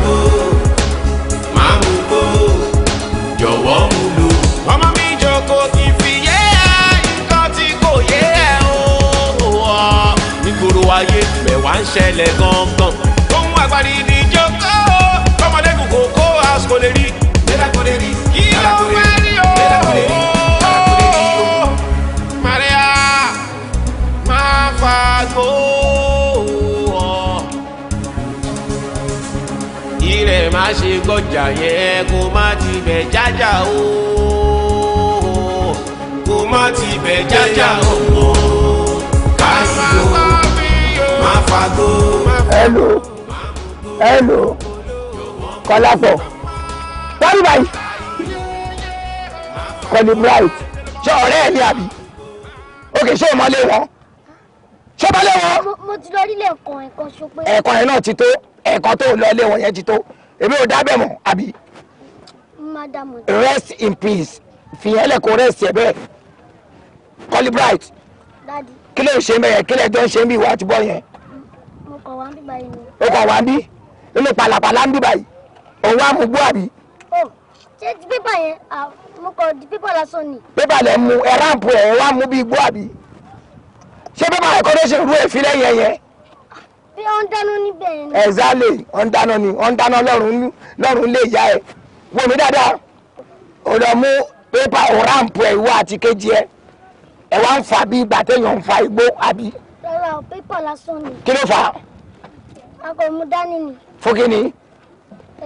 gbó máa mú gbó jọ̀wọ́ mú lò. ọmọ mi jókòó kì í fi yé ẹ nǹkan tí kò yé ẹ o wọ nígboro ayé mẹ́wàá ń ṣẹlẹ̀ gangan. ohun àgbàdì ni jókòó ọmọdé kò kó àsìkò lè rí. lè rà kò lè rí. ṣe gbọ́jà yẹ kó má ti bẹ̀ jájà o kó má ti bẹ̀ jájà o káyọ̀ má fagó. hello hello kọlápọ̀ wọ́n báyìí kọ́ni bright ṣé ọ̀rẹ́ ẹ̀ ní àbí òkè ṣé ìmọ̀lé wọn ṣé ọmọlé wọn. mo ti lọ rí ilé ẹ̀kan ṣo ẹ̀kan yẹn náà ti tó ẹ̀kan tó lọ ilé wọn yẹn ti tó èmi ò dábẹ̀ mọ́ àbí. rest in peace fìyẹ́lẹ̀ kò rest ẹ̀ bẹ́ẹ̀ Collie Bright kí ló ń ṣe bẹ́ẹ̀ kí lẹ́jọ́ ń ṣe bí ìwà àtibọ́ yẹn. mo kọ̀ wá ń bí báyìí ni. o kọ̀ wá ń bí nínú pàlàpàlà ń bí báyìí òun wá mú gbó àbí. o oh, ṣé ti pépà yẹn mo kọ di pépà lásán ni. pépà lẹ mú ẹ ráǹpù ẹ wá mú bí gbó àbí. ṣé pépà ẹ̀kọ́ ló ṣe rú èéfín lẹ́yìn ẹ̀yẹn bí wọ́n dáná níbẹ̀ ni. ẹ̀zálẹ̀ wọ́n dáná ni wọ́n dáná lọ́rùn lè yá ẹ wò mí dáadáa ò lọ mú pépà òráǹpù ẹ̀ wá àti kejì ẹ ẹ wá ń fa bí ìgbà téèyàn ń fa igbó àbí. rárá o pépà lásán ni. kí ló fà á. a kò mú dání ni. fún kí ni.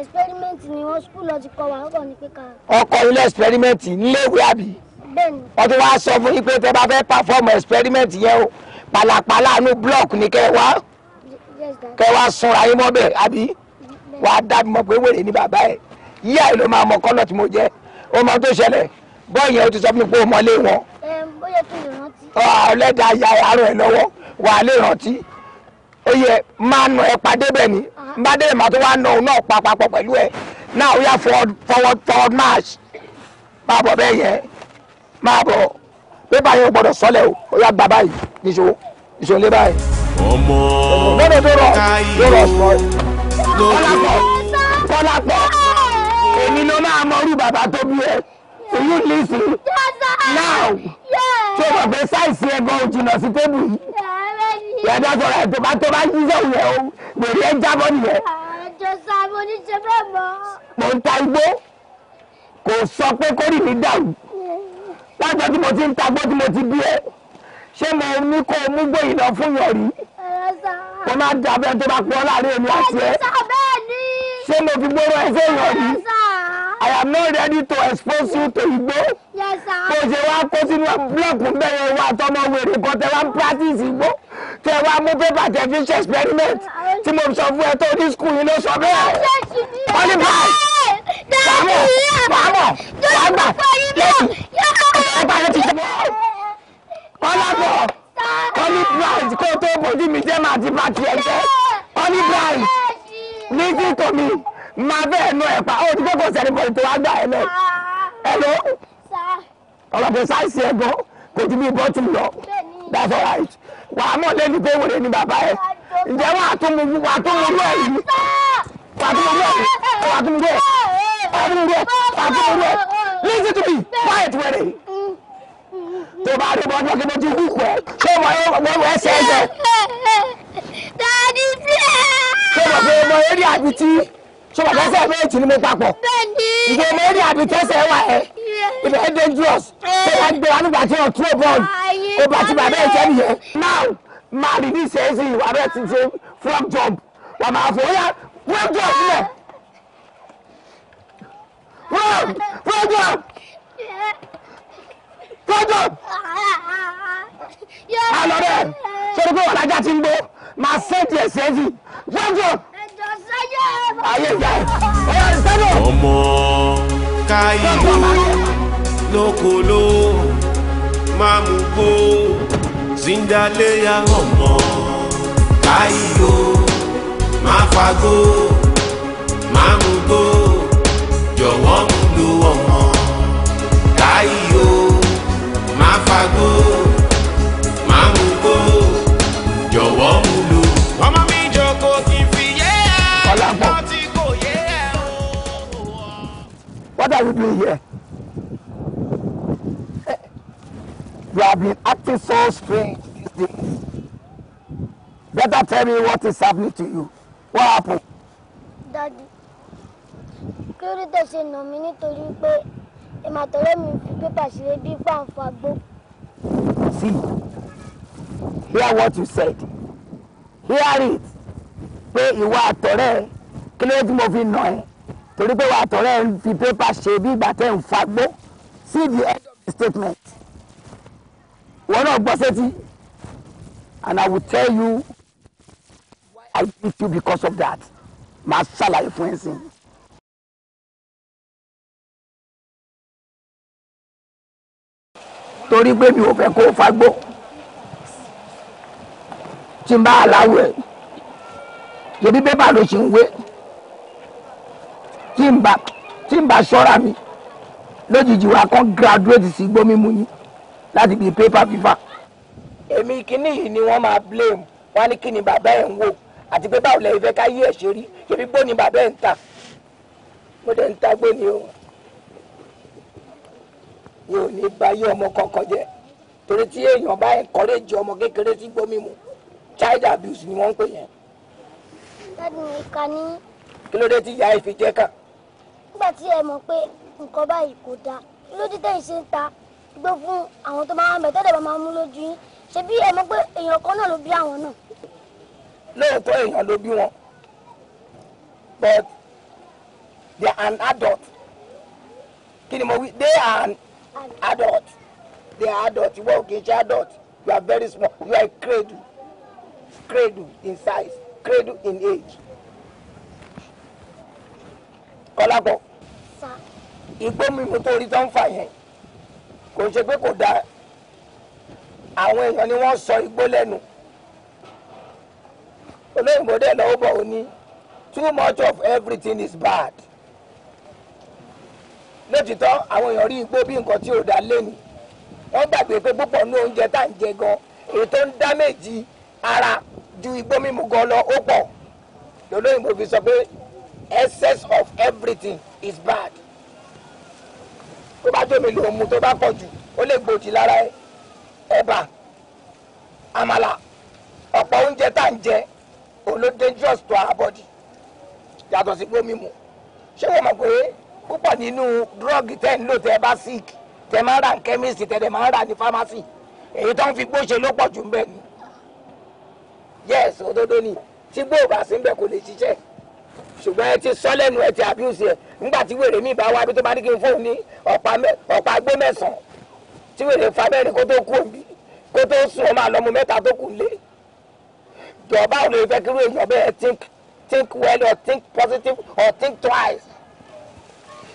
experiment ni wọn skul ọtí kọ wà ọkọ ní pẹka. ọkọ ilé experiment níléèwé àbí. bẹ́ẹ̀ni. wọ́n ti wá sọ fún yín pé tẹ́ bá fẹ́ pàfọ́ọ̀mù experiment yẹn o pàlàpàlà àánú block ní kẹ́ wá kẹ wá sunra yín mọ́ bẹ́ẹ̀ àbí wàá dábì mọ́ pé wèrè ní bàbá ẹ̀ yí àyè ló máa mọ kọ́nà tí mo jẹ́ ó mọ tó ṣẹlẹ̀ bọ́ọ̀yìn ẹ ti sọ fún mi pé ó mọlé wọn. bóyá kí n lè rántí. ọlẹ́dàá ya àárọ̀ ẹ̀ lọ́wọ́ wàá lè rántí ó yẹ máa nà ẹ padé bẹ́ẹ̀ ni bá délé màá tó wá nà òun náà pa pẹ̀lú ẹ náà ó yà forward forward march máa bọ̀ bẹ́ẹ̀ yẹn máa bọ̀ pépà yẹn ò gbọ́dọ̀ sọ́lẹ̀ o ó yà gbà báyìí níṣó ọmọ káyọ̀ lóko. tọ́lápọ̀ èmi ló máa mọ irú bàbá tó bí ẹ ìlú lìsì náà tó wọ́n fẹ́ ṣàìsí ẹ̀gbọ́n òjìnà sí tébù yìí yàtọ̀ sọ̀rọ̀ ẹ̀ tó bá tó bá yíṣẹ́ ìyẹn o gbèrè ẹ̀ jábọ̀ nìyẹn. àjọ sá mo ní ṣe fẹ́ mọ́. mo ń ta igbó kò sọ pé kórìí mi dàrú lájọ tí mo ti ń tagbó tí mo ti bí ẹ ṣé mo ní kó mú gbòyìn lọ fún yàn rí mo máa tó bá pọ̀ láàrin èmi àti ẹ ṣé mo fi gbóró ẹ sẹ́yìn rí I am not ready to expose you to igbó kò ṣe wá kó sínú búlọ̀kù bẹ́ẹ̀ wá tọmọ wèrè kan tẹ wá ń practice igbó tẹ wá mú pépà tẹ fi ṣe experiment tí mo sọ fún ẹ tó ní skul yìí ló sọ bẹ́ẹ̀ only price pàmò pàmò pàmò lẹ́yìn ọ̀gá ẹ ti ṣe ọlábọ̀ honey brand kó tó bójú mi jẹ́ màá ti bá tiẹ̀ jẹ́ honey brand listen to me máa bẹ́ẹ̀ nu ẹ̀ pa ó ti kókò sẹ́ni bọ̀ tó wá gbà ẹ̀ lọ ẹ̀ lọ ọ̀rọ̀dẹ̀ sáìsì ẹ̀ gan kò ju bí bọ́tù lọ that's all right wà á mọ̀ lẹ́nu pé wòlé ni bàbá ẹ̀ ǹjẹ́ wà á tún mu wà á tún mu lọ́ọ̀ yìí wà á tún mu lọ́ọ̀ yìí wà á tún mu lọ́ọ̀ yìí wà á tún mu lọ́ọ̀ yìí wà á tún mu lọ́ọ̀ yìí listen to me quiet wẹ̀rẹ̀ tó bá rí bọ́jọ́ kí mo ti kú pẹ́ ṣé mo yọ ọmọ ẹsẹ̀ ẹsẹ̀. dadi fẹ́. ṣé mo fi ọmọ eré àbí tí ṣé mo fẹsẹ̀ méjì ni mo papọ̀. ìgbà ọmọ eré àbí tẹ́sẹ̀ wà ẹ́ ibẹ̀ ẹ́ dangerous ṣé wàá gbé wa nígbà tí wọ́n tú ọ̀bọ̀n ó bá ti bàbá ẹ̀ jẹ́ nìyẹn. now máa rí ní ìṣẹ́yẹsì ìwà rẹ̀ ti ṣe frog jump wà máa fò ó yá frog jump sílẹ̀ frog frog jump kọjọ. àlọ́ bẹ́ẹ̀ sọ́dọ̀ pé wọ́n ajá ti ń gbó máa sẹ́ẹ̀tì ẹ̀ sẹ́ẹ̀tì kọjọ. ayé ìyá ẹ̀ ọ̀yà ìsẹ́dọ̀. ọmọ káyọ̀ lókòló máa mú kó zindaleya ọmọ káyọ̀ máa fagó máa mú kó jọ̀wọ́ mú lo ọmọ káyọ̀ gbó máa mú gbó jọ̀wọ́ mú lò. ọmọ mi jókòó kí n fi yé ẹ ọ̀pọ̀ tí kò yé ẹ o. What are you doing here? You have been acting so strange these days. Better tell me what is happening to you. What happened? Daddy, kí ló dé tẹ̀sí nà mí nítorí pé èmi àtọ̀rẹ́ mi fi pépà sílẹ̀ bí pàǹfà gbó. See, hear what you said. Hear it. Pé ìwà àtọ̀rẹ́ ẹ kí ló tí mo fi nà ẹ́ torí pé ìwà àtọ̀rẹ́ ẹ ń fi pépà ṣe bí ìgbà tẹ́ ń fagbó. See the end of the statement. Wọ́n náà gbọ́ sétí and I will tell you why I beat you because of that. Màá ṣàlàyé fún ẹ sí i. torí pé mi ò fẹ́ kó fagbó tí n bá aláwọ̀ ẹ̀ ṣebí bébà ló ṣì ń wé tí n bá tí n bá ṣọ́ra mi lójijì wa kan graduate sí gbómímú yín láti bíi paper fífà. èmi kínní yìí ni wọ́n máa blame wọ́n ní kí ni bàbá ẹ̀ ń wò àti pé báwo lẹ́yìn fẹ́ ká yí ẹ̀ ṣe rí ṣebí gbó ni bàbá ẹ̀ ń ta mo dẹ̀ ń ta gbó o mi ò ní báyé ọmọ kankan jẹ torí tí èèyàn bá encourage ọmọ kékeré sí gbómi child abuse ni wọ́n ń pè yẹn. dáàbì mi ka ní. kí ló dé tí ìyá ìfi jẹ́ kà. nígbà tí ẹ mọ̀ pé nǹkan báyìí kò dáa kí ló dé tẹ̀ ń ta gbé fún àwọn tó máa ń bẹ̀ bá máa mú lójú yín ṣe bí ẹ mọ̀ pé èèyàn kan náà ló bí àwọn náà. lóòótọ́ èèyàn ló bí wọn but they are an adult kí ni mo wí they are adult they are adult ìwọ kì í adult you are very small you are a cradle cradle in size cradle in age. kọ́lápọ̀ igbó mímu tó rí tó ń fà yẹn kò ṣe pé kò dáa àwọn èèyàn ni wọ́n sọ igbó lẹ́nu olóyìnbó dẹ̀ lọ́wọ́ bọ̀ ó too much of everything is bad lótìtọ́ àwọn èèyàn rí igbó bí nǹkan tí ò dá lé ni wọ́n gbàgbé pé púpọ̀ ní oúnjẹ tá à ń jẹ gan èyí tó ń dámèjì ara ju igbó mímu gan lọ ó pọ̀ lọ́lọ́yìnbó fi sọ pé excess of everything is bad tó bá tómi lò mu tó bá pọ̀ jù ó lè gbòdì lára ẹ ẹ̀bà àmàlà ọ̀pọ̀ oúnjẹ tá à ń jẹ òun ló dangerous to our body yàtọ̀ sí igbó mímu ṣé wọ́n mọ̀ pé púpọ̀ nínú dúrọ́ọ̀gì tẹ́ ń lò tẹ́ bá sick tẹ́ máa ń rà ní kẹ́míìsì tẹ́ máa ń rà ní fámásì èyí tó ń fi gbó ṣe ló pọ̀ jù ń bẹ̀ ni yes òdodo ni tí gbó ò bá sí ń bẹ̀ kò lè ṣiṣẹ́ ṣùgbọ́n ẹ ti sọ lẹ́nu ẹ ti abuse ẹ nígbà tí wèrè mi bá wá bí tó bá ní kí n fóun ní ọ̀pá gbé mẹ́sàn-án tí wèrè fa mẹ́rin kó tó kú òbí kó tó sùn ọmọ àlọ́mú mẹ́ta tó kù lé jọba ò lè fẹ́ kí irú èèyàn bẹ́ẹ̀ think think well or think positive or think twice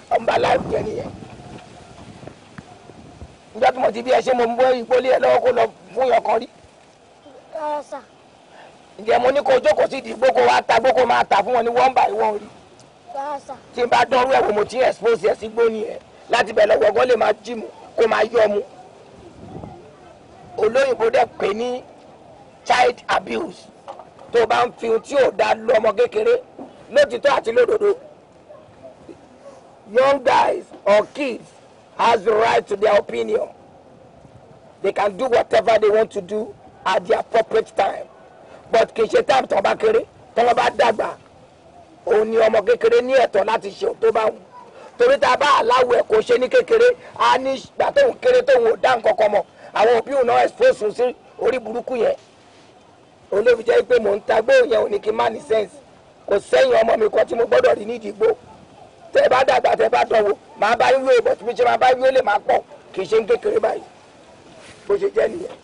ọmọba láìpù jẹ nìyẹn nígbà tí mo ti bí ẹ ṣe mo ń bọ ìpolí ẹ lọ́wọ́ kó lọ fún yàn kan rí. ǹjẹ́ mo ní kó o jókòó sí ìdí gbogbo wa ta gbogbo máa tà fún wọn ní wọ́n bá ìwọ̀n rí. tí n bá dánrú ẹ̀wò mo ti ń expose ẹ̀ sí gbóni ẹ̀ láti bẹ̀ lọ́wọ́ ọgọ́ lè máa jí mu kó máa yọ mu. olóyìnbó dẹ̀ pè ní child abuse tó bá ń fi ohun tí ò dá lu ọmọ kékeré lótìtọ́ àti lódodo young guys or kids has the right to their opinion. They can do whatever they want to do at the appropriate time. But kì í ṣe time tán bá kéré tán bá dàgbà òun ni ọmọ kékeré ní ẹ̀tọ́ láti ṣe tó bá wù. Torí tá a bá aláwọ̀ ẹ̀ kò ṣe ní kékeré a ní ìgbà tóun kéré tóun ò dá nǹkan kan mọ̀ àwọn òbí òun náà expose sí orí burúkú yẹn. Olóòfin jẹ́ pé mò ń tagbó yẹn ò kí n má ní sense kò sẹ́yìn ọmọ mi kan tí mo gbọ́dọ̀ rí nídìí gbó tẹ bá dàgbà tẹ bá dánwò màá bá yíwé bọ̀tí mi ṣe máa bá yíwé lè máa pọ̀ kì í ṣe ń kékeré báyìí bó ṣe jẹ́ nìyẹn.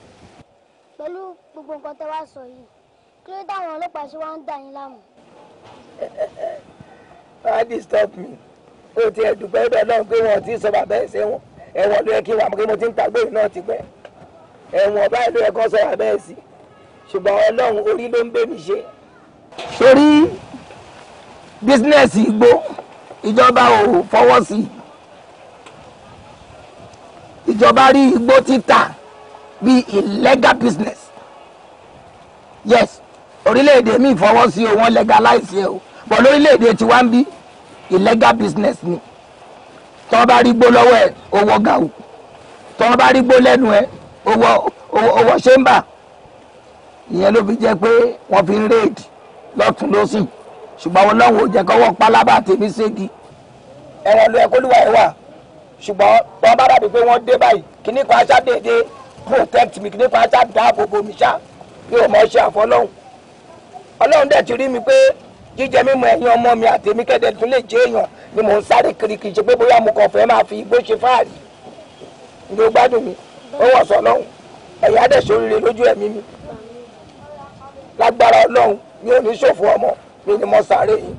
pẹ̀lú gbogbo nǹkan tẹ́ wá sọ yìí kí ló dáwọn ọlọ́pàá ṣe wá ń dà yín láàmú. wàá disturb me o tiẹ̀ dùpẹ́ bẹ́ẹ̀ náà pé wọn ò tí ì sọ bàbá ẹ̀ sẹ́wọ̀n ẹ̀wọ̀n ló yẹ kí wàá pé mo ti ń tàgbé yìí náà ti pẹ́ ẹ̀wọ̀n báyìí ló yẹ kó sọ bàbá ẹ̀ sí ṣùgbọ́n ọlọ́run orí ló ń bẹ́ mi ṣe. torí bísínẹ́sì igbó ìjọba ò fọwọ́ sí ìjọba rí igbó títà bíi illegal business yes orílẹ̀-èdè mi fọwọ́ sí o wọ́n legalize ẹ o bọ̀ lórílẹ̀-èdè tiwa ń bí illegal business ni tọ́ bá rí gbó lọ́wọ́ ẹ̀ owó gàù tọ́ bá rí gbó lẹ́nu ẹ̀ owó owó ṣémbà ìyẹn ló fi jẹ́ pé wọ́n fi ń raid lọ́tún lọ́sìn ṣùgbọ́n ọlọ́run ò jẹ́ kọ́wọ́ pálábà tèmi ségi ẹ̀rọ ló yẹ kó lùwà ẹ̀ wà ṣùgbọ́n wọ́n bá dàbí pé wọ́n dé báyìí kíní kan aṣá dédé protect mi kíní kan aṣá dáàbò bò mí ṣá mi ò mọ̀ ṣe àfọlọ́hùn ọlọ́run dẹ̀ ti rí mi pé jíjẹ mímu ẹ̀yin ọmọ mi àtèmi kẹ́dẹ̀ tún lè jẹ́ èèyàn ni mò ń sáré kiri kì í ṣe pé bóyá mo kàn fẹ́ máa fi igbó ṣe fáàrí ní o gbádùn mi ó wọ̀ sọ lọ́hùn ẹ̀yà dẹ̀ ṣoríire lójú ẹ̀mí mi lágbára ọlọ́run mi ní ṣòfò ọmọ mi ni mo sáré yìí.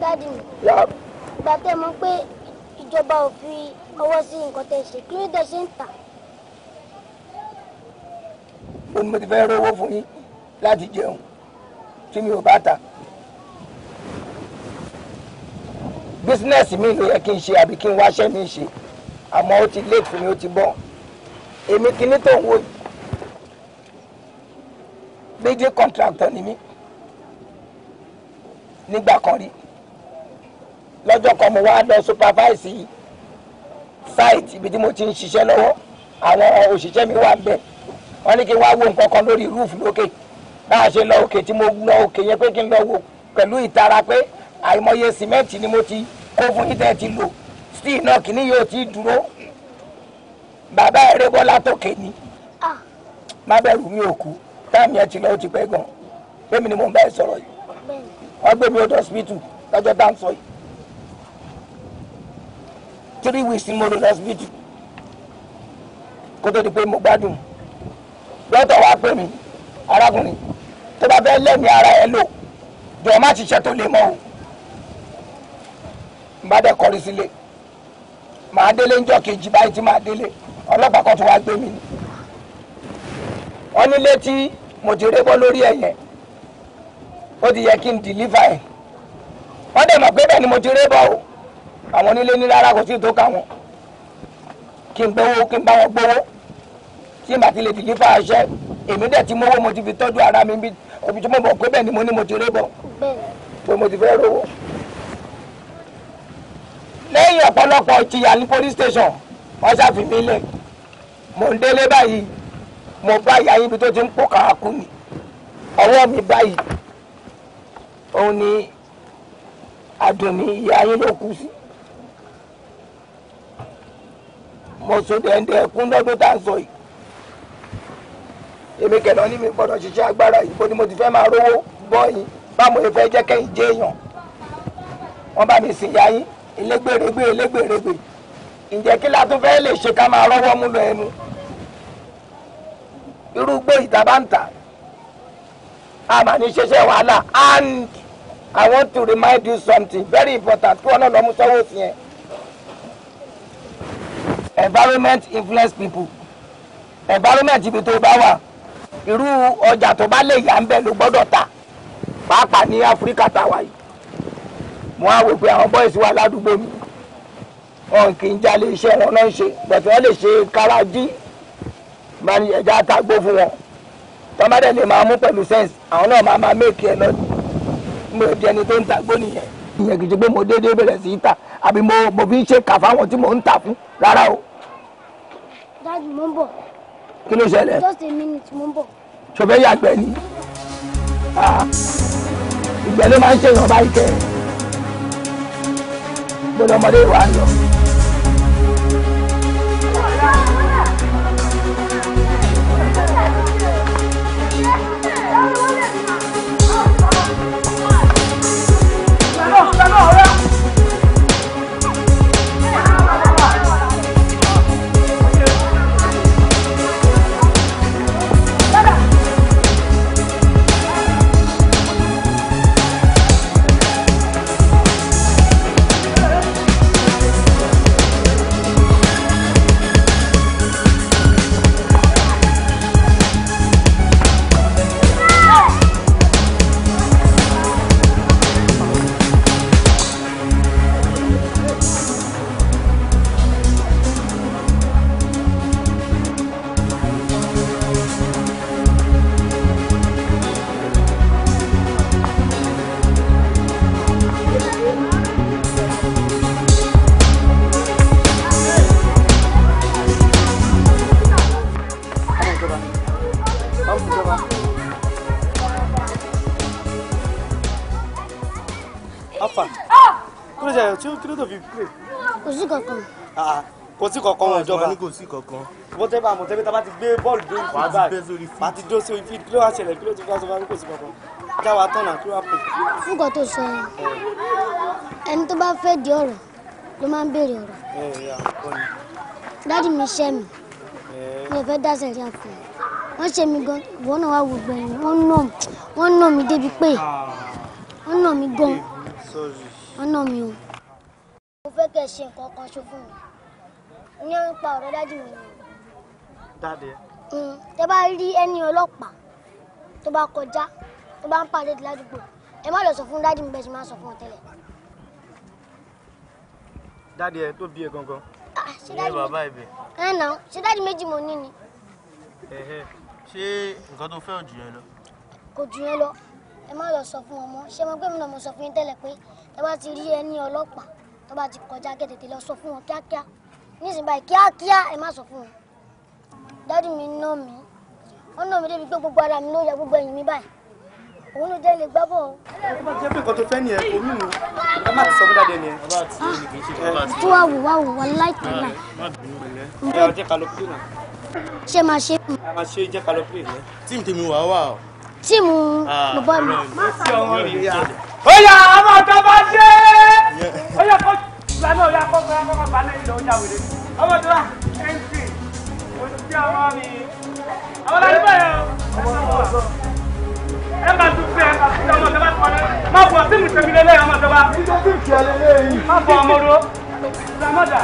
dádì mi ìgbà tẹ́ mọ̀ pé ìjọba ò fi ọwọ́ sí nǹkan tẹ́ ṣe kí ló dé ṣe ń tà. mo mo ti fẹ́ rówó fún yín láti jẹun tí mi ò bá ta. bísínẹ́sì mi ló yẹ kí n ṣe àbí kí n wáṣẹ́ mi ṣe àmọ́ ó ti lé fún mi ó ti bọ́ èmi kí ní tòun wò yìí méjì kọ́ńtráktọ̀ ni mí nígbà kan rí lọ́jọ́ kan mo wá lọ supervise site ibi tí mo ti ń ṣiṣẹ́ lọ́wọ́ àwọn òṣìṣẹ́ mi wà bẹ́ẹ̀ wọ́n ní kí n wá wo nǹkan kan lórí roof lókè bá a ṣe lọ òkè tí mo lọ òkè yẹn pé kí n lọ wo pẹ̀lú ìtara pé àìmọye sìmẹ́ǹtì ni mo ti kó fún yín tẹ́ ti lò steel náà kìíní yóò ti dúró bàbá ẹ̀rẹ́ bọ́lá tókè ni ah. má bẹ̀rù mi ò kú táàmì ẹ̀ ti lọ ó ti pẹ́ gan-an ni mo ń bá ẹ sọ̀rọ̀ yìí. wọ́n gbé mi lọ́jọ́ tá ń sọ yìí weeks ni mo lọ hospital kó tó di pé mo gbádùn dọ́tọ̀ wá pè mí arákùnrin tó bá fẹ́ ara ẹ lò má tó lè mọ́ o dẹ̀ sílé délé kejì báyìí tí délé ọlọ́pàá kan tó wá mi ti rébọ́ lórí ó ti yẹ kí n dìlífà ẹ̀ wọ́n dẹ̀ mọ̀ pé bẹ́ẹ̀ ni mo ti ré o àwọn onílé ní rárá kò sí tó ká wọn kí n gbowó kí n bá wọn gbowó tí n bá ti lè dìlífà aṣẹ èmi dẹ̀ ti mówó mo ti fi tọ́jú ara mi bí omi tí mo mọ̀ pé bẹ́ẹ̀ ni mo ní mo ti ré bọ̀ pé mo ti fẹ́ rówó. lẹ́yìn ọ̀pọ̀lọpọ̀ ìtìyà ní police station wọ́n ṣàfihàn ilé mo ń délé báyìí mo bá ìyá yín ibi tó ti ń pò káàkùn mi ọwọ́ mi báyìí òun ni àdùnní ìyá ayé ló kú sí mo so dẹ̀ndẹ̀ ẹ̀kún lọ́dún tá à ń sọ yìí èmi kẹ̀lọ́ ní mi gbọ́dọ̀ ṣiṣẹ́ agbára yìí bó ni mo ti fẹ́ máa rówó bọ́ báwo ni fẹ́ jẹ́ kẹ́yìn jẹ́ wọ́n bá mi sìn ìyá yín elégbèrègbè elégbèrègbè ǹjẹ́ kí la tún fẹ́ lè ṣe ká máa rọ́wọ́ mú lọ ẹnu irú gbé ìta bá ń tà a máa ní ṣẹṣẹ wàhálà and i want to remind you something very important kí wọn náà lọ mú sọ́wọ́ sí yẹn environment influence people environment ibi tó bá wà irú ọjà tó bá lè yà ń bẹ ló gbọ́dọ̀ ta pàápàá ní áfíríkà tá a wà yìí mo á wò pé àwọn bọ́ìsì wà ládùúgbò mi wọn kì í jalè iṣẹ́ wọn náà ń ṣe bọ̀tí wọ́n lè ṣe kárájí ẹja àtàgbò fún wọn tọ́ba dẹ̀ lè máa mú pẹ̀lú sense àwọn náà máa máa méèkì ẹ lọ mo di ẹni tó ń tagbó nìyẹn ìyẹn kì ṣe pé mo déédéé bẹ̀rẹ̀ sí í tà àbí mo mo fi ń ṣe kà fáwọn tí mò ń tà fún rárá o. dáàdì mo ń bọ̀. kí ló ṣẹlẹ̀. just a minute mo ń bọ̀. ṣòfẹ́ yàgbẹ́ ni ìgbẹ́ ló máa ń ṣèyàn báyìí kẹ́ ẹ̀ gbọ́dọ̀ ọmọdé ìwà ń lọ. tí ó kí ló tó fi pè. kò sí kankan. Ah, ah, kò sí kankan wọn ah, ìjọba. wọn ní kò sí kankan. wọ́n tẹ́ bá mọ̀ tẹ́bí tá bá ti gbé bọ́ọ̀lù dé ìfọ̀ àgbà yìí bá ti dó sí orí fíìdì kí ló wá ṣẹlẹ̀ kí ló ti fọ́ sọ fún sí kankan. jáwa tọ̀nà kí wàá pè. fún kan tó sọ yẹn ẹni tó bá fẹ́ di ọ̀rọ̀ ló máa ń béèrè ọ̀rọ̀. dáàdi mi ṣẹ́ mi mi ò fẹ́ dá sẹ̀rí àpò wọ́n ṣe mi gan ìwọ́n náà wá gbogbo ẹ̀yìn wọ́n nà nà mí débi pé wọ́n nà mí gan wọ́n nà mí o mo fẹ́ kẹ́ ẹ ṣe nǹkan kan ṣe fún mi ní nípa ọ̀rọ̀ dájú mi ni. dáadé. Hmm, tẹ bá rí ẹni ọlọ́pàá tó bá kọjá tó bá ń pàdé ládùúgbò ẹ má lọ sọ fún dájú mi bẹ́ẹ̀ ṣe máa sọ fún ọ tẹ́lẹ̀. dáadé ẹ tó bí ẹ gangan. Ah, ṣé dájú bàbá ibẹ. ẹ nà ṣé dájú méjì mo ní ni. ṣé nǹkan tó fẹ́ràn jù yẹn lọ. kò jù yẹn lọ ẹ má lọ sọ fún ọmọ ṣé mo gbé mi náà mo sọ fún yín tẹ́lẹ̀ pé ẹ bá ti rí ẹni ọlọ́pàá tó bá ti kọjá kẹ́ tètè lọ sọ fún wọn kíákíá nísìnyí báyìí kíákíá ẹ má sọ fún wọn dádì mi ná mi ó ná mi débi pé gbogbo ara mi ló yẹ gbogbo ẹ̀yìn mi báyìí òun ló dé lè gbá bọ̀. ó bá jẹ́ pé nǹkan tó fẹ́ nìyẹn kò mí wù ẹ má ti sọ fún dáadé nìyẹn. tó wà wò wá wò wá láìpẹ́ náà. ẹ ọ jẹ́ ká lọ pé náà. ṣé máa ṣe. a máa ṣe jẹ́ ká lọ pé náà. tíìmù tèmi wà wà o. tíìmù bàbá ah, mi. ó yá àwọn tó bá ṣe é ó yẹ kó gba náà ó yẹ kó gba kó gba lẹ́yìn lọ́wọ́ jáwèrè ọmọ tó wà ẹnfì òtítí ọmọ mi àwọn láti bẹ̀rẹ̀ o ẹ máa tún fẹ́ ọmọ tó bá kọ́ lẹ́yìn má bọ̀ sí mi tẹ̀mí lẹ́yìn ọmọ tó bá má bọ̀ ọmọ ro ramada.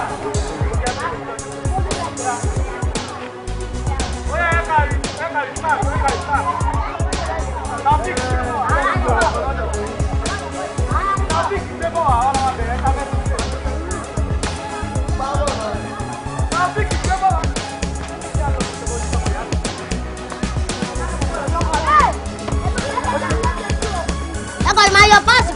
ó yẹ ẹ kàrí ẹ kàrí fáà ẹ kàrí fáà. da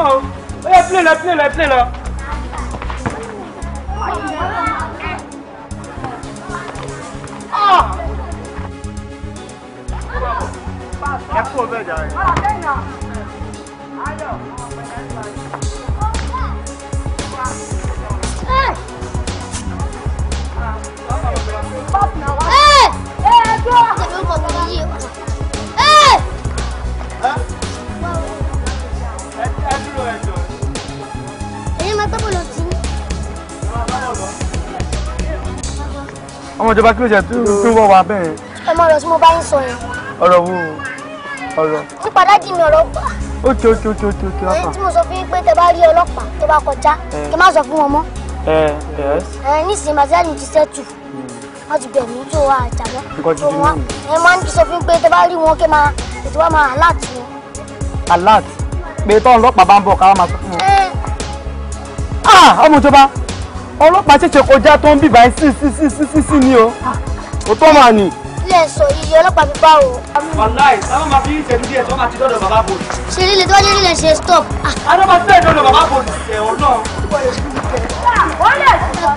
mọ̀ o ó yẹ plé lọ plé lọ plé lọ. ẹ kú ọbẹ̀ jà rẹ̀. Hey! Hey, go! ọmọ ìjọba kí ló ṣe tún wọ́ wa bẹ́ẹ̀. ọmọ ọ̀rọ̀ tí mo bá ń sọ yẹn. ọ̀rọ̀ wo ọ̀rọ̀. nípa dájì mi ọ̀rọ̀ gbà. ó ti ó ti ó ti ó ti ó ti lápá. èyí tí mo sọ fún yín pé tẹ bá rí ọlọ́pàá tó bá kọjá kí má sọ fún wọn mọ́. ẹ ẹ nísìnyí màtíláàdì ti ṣẹ́tù hmm. wọ́n ti bẹ̀ mí tó àjà mọ́. nǹkan jíjí ni. ẹ máa ń sọ fún yín pé tẹ bá rí wọn kí máa ètò wa máa alert wọn. alert pé tọ́ ọlọ́pàá bá ń bọ̀ ká máa sọ fún wọn. Ah, ọmọ ìjọba ọlọ́pàá ṣẹ̀ṣẹ̀ kọjá tó ń bì báyìí sí sí sí sí sí sí ni o kò tọ́ màá nì. ilé sọ iye ọlọ́pàá fi bá o. wàláì táwọn máa fi ìṣẹ́jú díẹ̀ tó máa ti dọ́dọ̀ bàbá bò. ṣe líle tó bá dé líle ṣe stop. adó máa tẹ̀ dọ́dọ̀ bàbá bò ẹ̀wọ̀n náà. ó lè sọ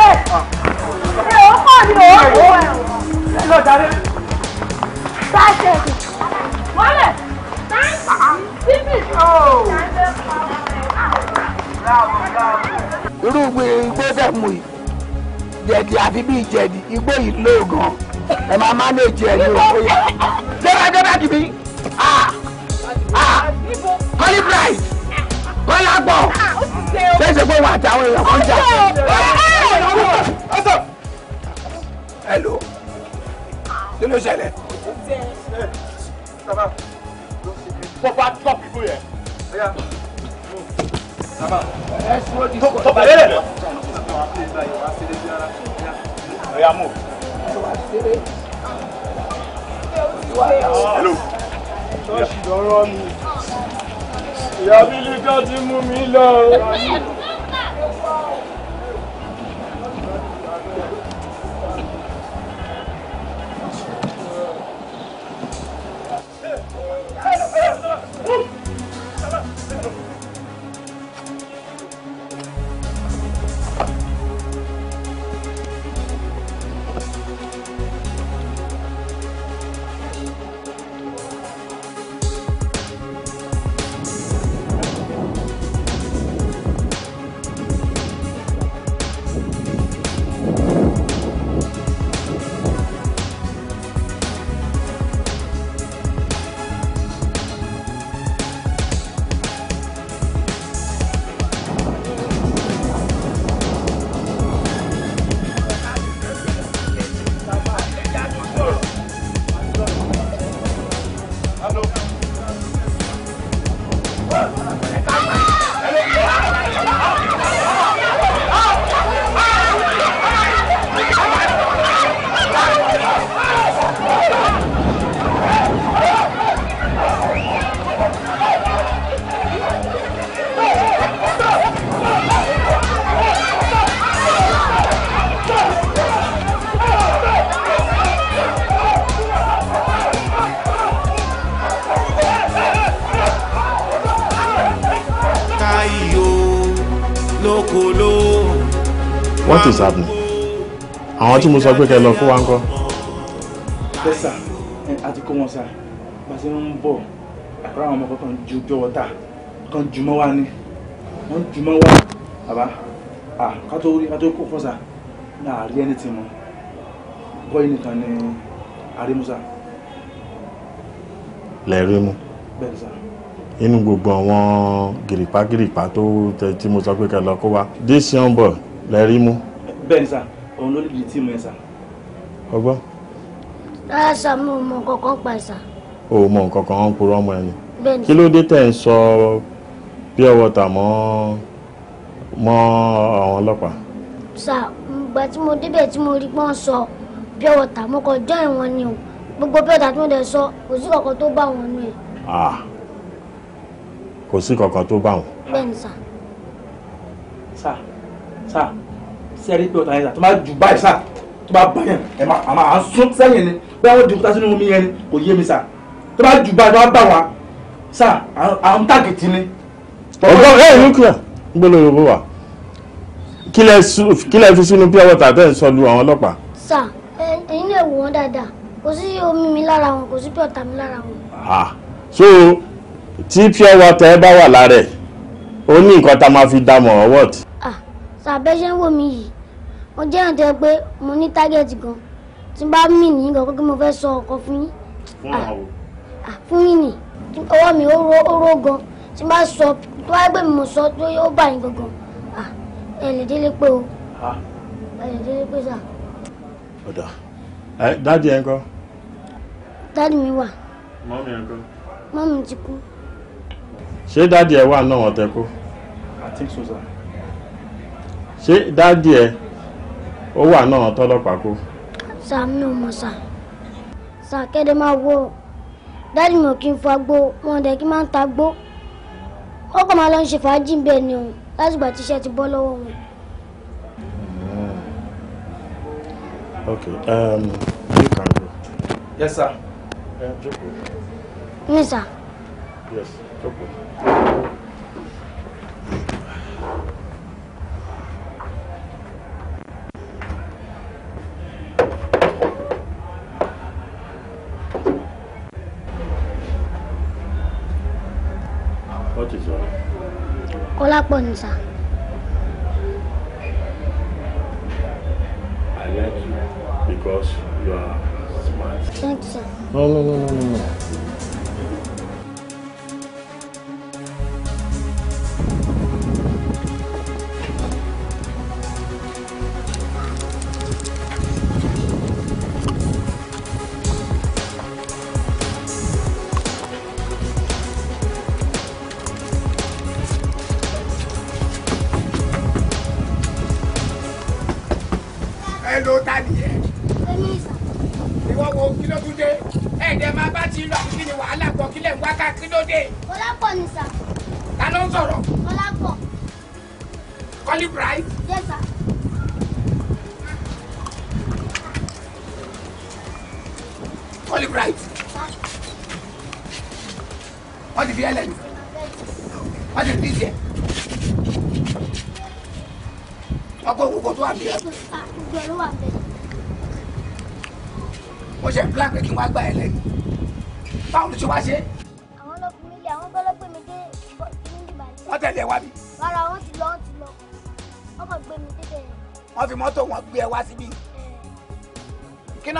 ẹ ò pọ̀ ní òwò ẹ̀ lọ darí. sáṣẹ̀ wọ́n lè sáńpà bíbí. bravo bravo irú igbó dẹ̀mú yìí jẹ̀dì àfi bíi jẹ̀dì igbó yìí lóògàn ẹ máa mánéjì ẹ̀ ní òkú yà. débà débà kìbí kọ́lí bright kọ́lá gbọ̀ ṣéṣe pé wọn àtàwọn èèyàn kan jà. hello kí ló ṣẹlẹ̀. pọpá tọ́pù yẹn tó bá lélẹ̀ lọ. ọ̀yà mú. hello. ṣọ́ọ̀ṣì lọ́rọ́ mi ìyá bílíkà ti mú mi lọ. àwọn tí mo sọ pé kẹ lọ kó wa ń kọ́. tẹ́sà àti kó wọn sá bá a ṣe ń bọ̀ àkọ́rọ́ àwọn ọmọ kan ju pé wọ́tà kan jù mọ́ wa ni wọ́n jù mọ́ wa bàbá ká tó rí ká tó kó fọ́sà náà rí ẹni tì mọ́ bọ́yì nìkan ni àrímúsà. lẹ́ẹ̀rí mu inú gbogbo àwọn gìrìpá gìrìpá tó tí mo sọ pé kẹ lọ kó wa dé sí ọ̀n bọ̀ lẹ́ẹ̀rí mu. bẹ́ẹ̀ ni sá òun ló lè tí mo ẹ sà. ọgbọ́n. rárá sá mi ò mọ nǹkan kan pa ẹ̀ sà. o ò mọ nǹkan kan ń purọ́ ọmọ ẹ ni. bẹ́ẹ̀ni. kí ló dé tẹ̀ ń sọ pure water mọ́ mọ́ àwọn ọlọ́pàá. sà ìgbà tí mo débẹ̀ tí mo rí pọ́n sọ pure water mo kàn jọ́ ìwọ̀n ni o gbogbo pure water tí mo dẹ̀ sọ kò sí kankan tó bá wọn nù ẹ̀. kò sí kankan tó bá wọn. bẹ́ẹ̀ni sà. sà sà sẹ́rí pé ọ̀tá yẹn sà tó bá jù báyìí sà tó bá bá yẹn ẹ̀ máa àmà à ń sún sẹ́yìn ni bẹ́ẹ̀ wọ́n di kúta sínú omi yẹn ni kò yé mi sà tó bá jù báyìí tó bá bá wa sà à ń tàkìtì ni. ọgbọ́n ẹ̀ ń kílẹ̀ ń gbọ́dọ̀ yorùbá wa kílẹ̀ fi sínú pure water tẹ́ ẹ̀ sọ lu àwọn ọlọ́pàá. sà ẹ̀yin náà wò wọ́n dáadáa kò sí omi mi lára wọn kò sí pure water mi lára wọn. so tí pure water ẹ bá wà lára ẹ̀ ó ní nǹkan tá a máa fi dámọ̀ ọwọ́ tí. ah sàbẹ́sẹ̀ wo mi yìí mo jẹ́ ìrántí ẹ pé mo ní tágẹ́ẹ̀tì gan tí n bá mì ní nǹkan kí mo fẹ́ sọ ọkọ fún yín. fún ah, ah, yín ni ọwọ́ mi ó ró gan tí n bá sọ tó wáyé pé mo sọ tó yóò bá yín gangan ah, ẹ lè délé pé o ẹ lè délé pé sà. ọ̀dà ẹ dáàdi ẹ ń kọ́. dáàdi mi wà. mọ́mí ẹ ń kọ́. mọ́mí ti kú. ṣé dáàdi ẹ wà náà wọ́n kú. I think so ṣé dáàdi ẹ ó wà náà tọ́lọ́pàá kó. sá mi ò mọ̀ sá sá máa wọ dáàdì mi ò kí n fa gbó wọn dẹ̀ kí n máa ń ta gbó wọ́n kàn máa lọ ń ṣe fàájì ń bẹ̀ ni o látìgbà tíṣẹ́ ti bọ́ lọ́wọ́ wọn. Hmm. ok um, you can go. yes sir. ẹ eh, jókòó. mi sá. yes jókòó. Papon sa.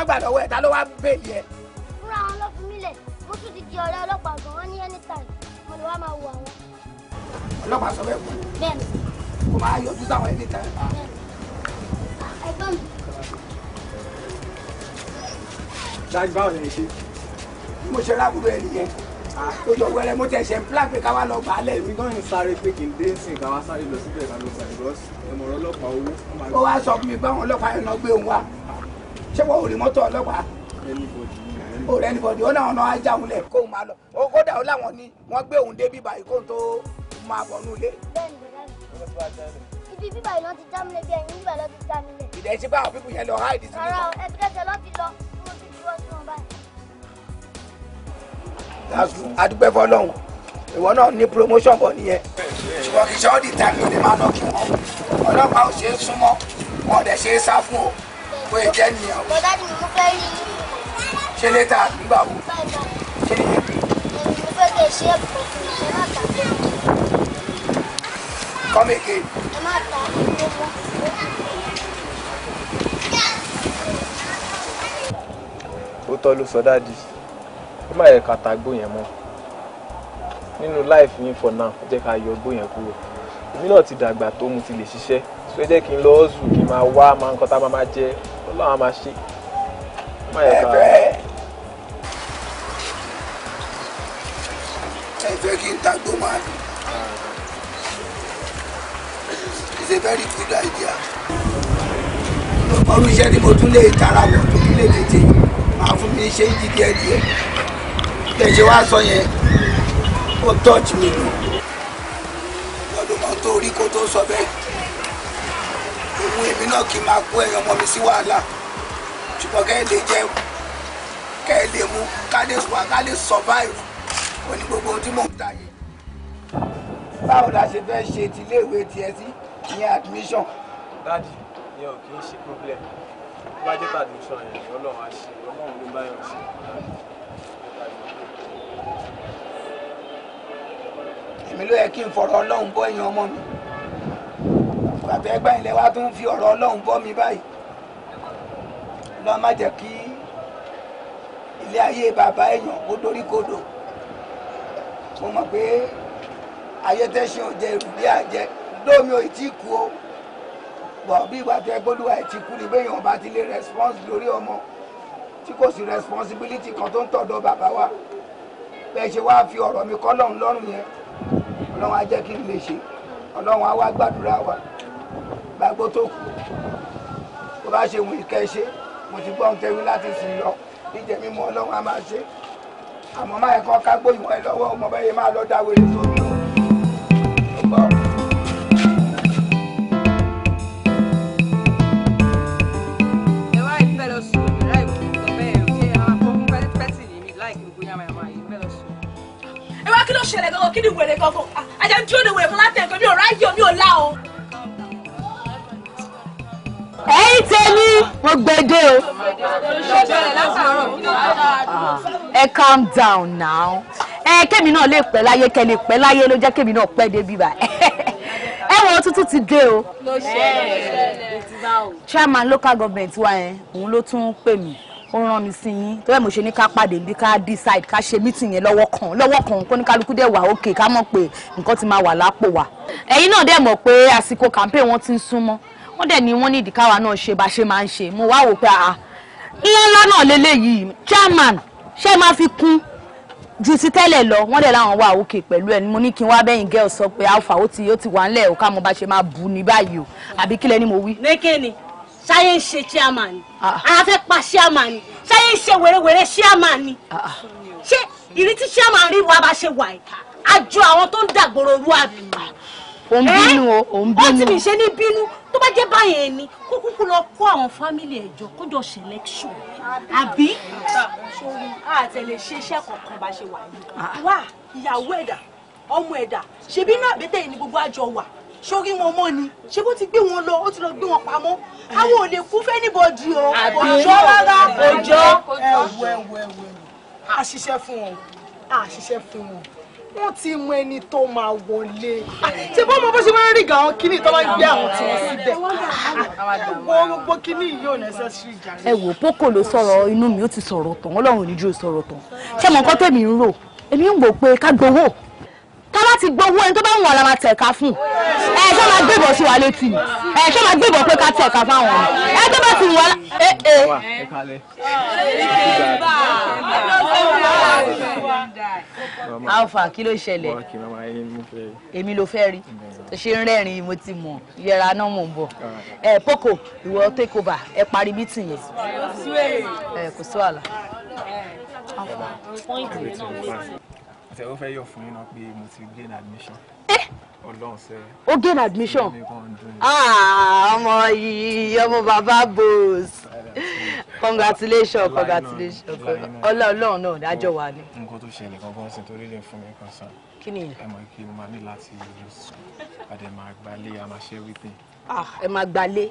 gbà lọ́wọ́ ẹ̀ ta ló wá bèèlì ẹ̀. fúnra àwọn ọlọ́fun nílẹ̀ mo tún ti di ọ̀rẹ́ ọlọ́pàá gan-an ní anytime mo lè wá máa wo àwọn. ọlọ́pàá sọ bẹ́ẹ̀ fún mi. bẹ́ẹ̀ni. kò máa yọjú sáwọn ẹni tẹ̀. ẹgbẹ́ mi. dájú báwo lè ṣe bí mo ṣe rábùrú ẹni yẹn tó ah. yọ wẹrẹ mo tẹ ṣe ń plan pé káwá lọ gbà á lẹ́yìn. èmi gan ń sáré pé kì í dé sí káwá sáré lọ síbẹ̀ ká lọ sàrẹ̀ lọ́sì ẹ̀mọ̀rọ̀ ọlọ́pàá owó. ó wá sọ fún mi pé àwọn ọlọ́pàá yẹn náà gbé òun wá ṣé wọ́n ò rí mọ́tò ọlọ́pàá ó rẹ nìbọ̀dì ó náà ọ̀nà ajá òun lẹ̀ kóun máa lọ ó kódà ó láwọn ni wọ́n gbé òun dé bíbá yìí kóun tó máa bọ̀ nù ilé. ibi bíbá yìí lọ ti já mi lé bí ẹyin bíbá yìí lọ ti já mi lé. ìdẹ̀sí bá àwọn pípù yẹn lọ háìdì sí mi. rárá ẹbí kẹsẹ̀ lọ ti lọ tí mo ti dúró sí wọn báyìí. adúpẹ́ fọlọ́hún ìwọ náà ní promotion bọ̀ nìyẹn ṣùgbọ́n kì ṣe ọ́ di tàbí ó lè máa lọ kí ọlọ́pàá ò ṣe é súnmọ́ wọn ò bó ẹ jẹ́ nìyàwó. bọ́dá ni mo fẹ́ rí i. ṣe lé ta nígbà wo. ṣe lè yẹ. mo fẹ́ kẹ́ ṣe ẹ̀bùn kò ṣe má ta. come again. ẹ má ta owó. ó tọ́ ló sọ dáàdi ó má yẹ ká ta gbó yẹn mọ́ nínú life yín for now ẹ jẹ́ ká yọ gbó yẹn kúrò èmi náà ti dàgbà tó mo ti lè ṣiṣẹ́ so ẹ jẹ́ kí n lọ́ọ́ zù kí n máa wá máa ń kọ́ta máa máa jẹ ọlọ́run á máa ṣe má yẹ ká. ẹ fẹ́ kí n ta gbó máa very good idea. ọrùn iṣẹ́ ni mo tún lè tara lọ tó tún lè tètè máa fún mi ṣe jí díẹ̀ díẹ̀ bẹ́ẹ̀ ṣe wá sọ yẹn ó touch mi lọ lọ́dún mọ́tò orí kó ohun èmi náà kì í máa kó ẹ̀yàn ọmọ mi sí wàhálà ṣùgbọ́n kẹ́ ẹ lè jẹ kẹ́ ẹ lè mu ká lè wà ká lè survive òní gbogbo ohun tí mò ń ta yìí. báwo la ṣe fẹ́ ṣe ti iléèwé tiẹ̀ sí ìyẹn admission. dádì ìyẹn ò kì í ṣe problem bá jẹ́ pé admission yẹn ọlọ́run á ṣe ọlọ́run ló bá yàn ṣe. èmi ló yẹ kí n fọ̀rọ̀ ọlọ́run bọ́ ẹ̀yàn ọmọ mi bàtà ẹgbẹ́ ilẹ̀ wa tó ń fi ọ̀rọ̀ ọlọ́run bọ́ mi báyìí lọ má jẹ́ kí ilé ayé bàbá èèyàn ó dórí kodò mo mọ̀ pé ayétẹ́sìn ò jẹ ìrùlé àjẹ lómi ò tí kú o bọ̀ bí bàtà ẹgbẹ́lúwa ẹ̀ ti kú ni bẹ́ẹ̀ yàn bá ti lé response lórí ọmọ tí kò sí responsibility kan tó ń tọ̀dọ̀ bàbá wa bẹ́ẹ̀ ṣe wáá fi ọ̀rọ̀ mi kọ́ lọ́run lọ́rùn yẹn ọlọ́run á jẹ́ kí n lè ṣe ọlọ́run á wá gbàdúrà wa gbàgbó tó kù bó bá ṣe wù kẹ́ ṣe mo ti gbọ́ ohun tẹ́wí láti sìn lọ níjẹ́ mímọ́ ọlọ́run á máa ṣe àmọ́ máa ẹ̀kọ́ kágbó ìmọ̀ ẹ̀ lọ́wọ́ ọmọ bẹ́ẹ̀ máa lọ dáwèrè sómi o. ẹ wá kí ló ṣẹlẹ̀ gangan kí ni wèrè gangan ajá ń dúró de wèrè fún látẹ̀ nǹkan mi ò ráyè mi ò lá ẹ̀yin tèmi mo gbẹdẹ o. ẹ calm down now. ẹ kémi náà lè pẹ́ láyé kẹ́ lè pẹ́ láyé ló jẹ́ kémi náà pẹ́ débi bá ẹ wọ tuntun ti dé o. chairman local government wa yẹn òun ló tún pè mí ó rán mi sí yín tó bẹ́ẹ̀ mo ṣe ní ká pàdé níbi ká decide ká ṣe meeting yẹn lọ́wọ́ kan lọ́wọ́ kan kó ní kálukú dẹ̀ wà òkè ká mọ̀ pé nǹkan ti máa wà lápò wa. ẹ̀yin náà dẹ̀ mọ̀ pé àsìkò campaign wọn ti ń súnmọ́ wọ́n dẹ̀ ní wọ́n ní ìdíkáwa náà ṣe bá ṣe máa ń ṣe mo wá wò pé àá ah, ńlá ńlá náà lélẹ́yìí chairman ṣé máa fi kún ju ti tẹ́lẹ̀ lọ wọ́n dẹ̀ láwọn wà òkè pẹ̀lú ẹ̀ ni mo ní kí n wá bẹ́yìn girls sọ pé alpha ó ti ó ti wà ńlẹ̀ òkà mo bá ṣe máa bù ní báyìí o àbí kílẹ̀ ni mo wí. lékè ni ṣáyé ń ṣe chairman ni ah. ara fẹ́ pa chairman ni ṣáyé ń ṣe wèrèwèrè chairman ni ah, ṣé ìrètí chairman rí wa bá ṣe wà yìí àjọ àwọn tó ń dàgbòrò rú àbí òun bínú eh? o òun bínú. ó ti mi ṣe ní bínú tó bá jẹ́ báyẹn ni kó kúkú lọ kó àwọn fámìlì ẹ̀ jọ kó jọ selection àbí. àtẹlẹ ṣe iṣẹ́ kankan bá ṣe wà yìí wá ìyàwó ẹ̀dà ọmọ ẹ̀dà ṣebí náà àbẹ́tẹ̀ yìí ni gbogbo àjọ wà sórí wọn mọ́ ni ṣé bó ti gbé wọn lọ ó ti lọ gbé wọn pamọ́ àwọn ò lè kú fẹ́nìbọ̀dì o òjò rárá òjò ẹ̀wọ̀ ẹ̀wọ̀ ẹ̀wọ̀ àṣìṣe fún wọn àṣìṣe fún wọn wọ́n ti mọ ẹni tó máa wọlé ṣe bọ́ ọmọ bó ṣe máa ń rìgà àwọn kìíní tó máa ń gbé àwọn tí wọ́n síbẹ̀ wọ́n gbogbo kìíní yìí ò nẹ́sẹ̀ sí ìjà. ẹ wò Boko ló sọ̀rọ̀ inú mi ó ti sọ̀rọ̀ tán Ọlọ́run ò ní jù sọ̀rọ̀ tán ṣé mo kọ́ tèmi ń rò èmi ń wò pé ká gbowó ká bá ti gbowó ẹni tó bá wọ̀n la máa tẹ̀ka fún ẹ ṣé máa gbébọ̀ sí wa létí ẹ ṣé máa gbébọ̀ pé ká tẹ̀ka fáwọn ẹ tó bá ti wọ̀n la. alfa kí ló ṣẹlẹ̀ èmi ló fẹ́ rí tó ṣe ń rẹ́rìn mo ti mọ̀ yẹra náà mò ń bọ̀ ẹ poko ìwọ take over ẹ parí mítìn yẹn ẹ kò sí wàhálà tẹ ó fẹ́ yọ̀ fún yín náà pé mo ti gain admission. Eh! Ọlọ́run ṣe. ó gain admission. Ah, ọmọ yìí ọmọ bàbá bòs congratulations congratulations Ọlọ́run náà dájọ́ wa ni. nǹkan tó ṣẹlẹ̀ kan bọ́n sí torí lè fún mi kan sàn. kí ni. ẹ mọ̀ kí mo máa ní láti lọ sùn àdèmọ̀ àgbálẹ̀ àmàṣẹ́ wípé. Ah, ẹ máa gbalé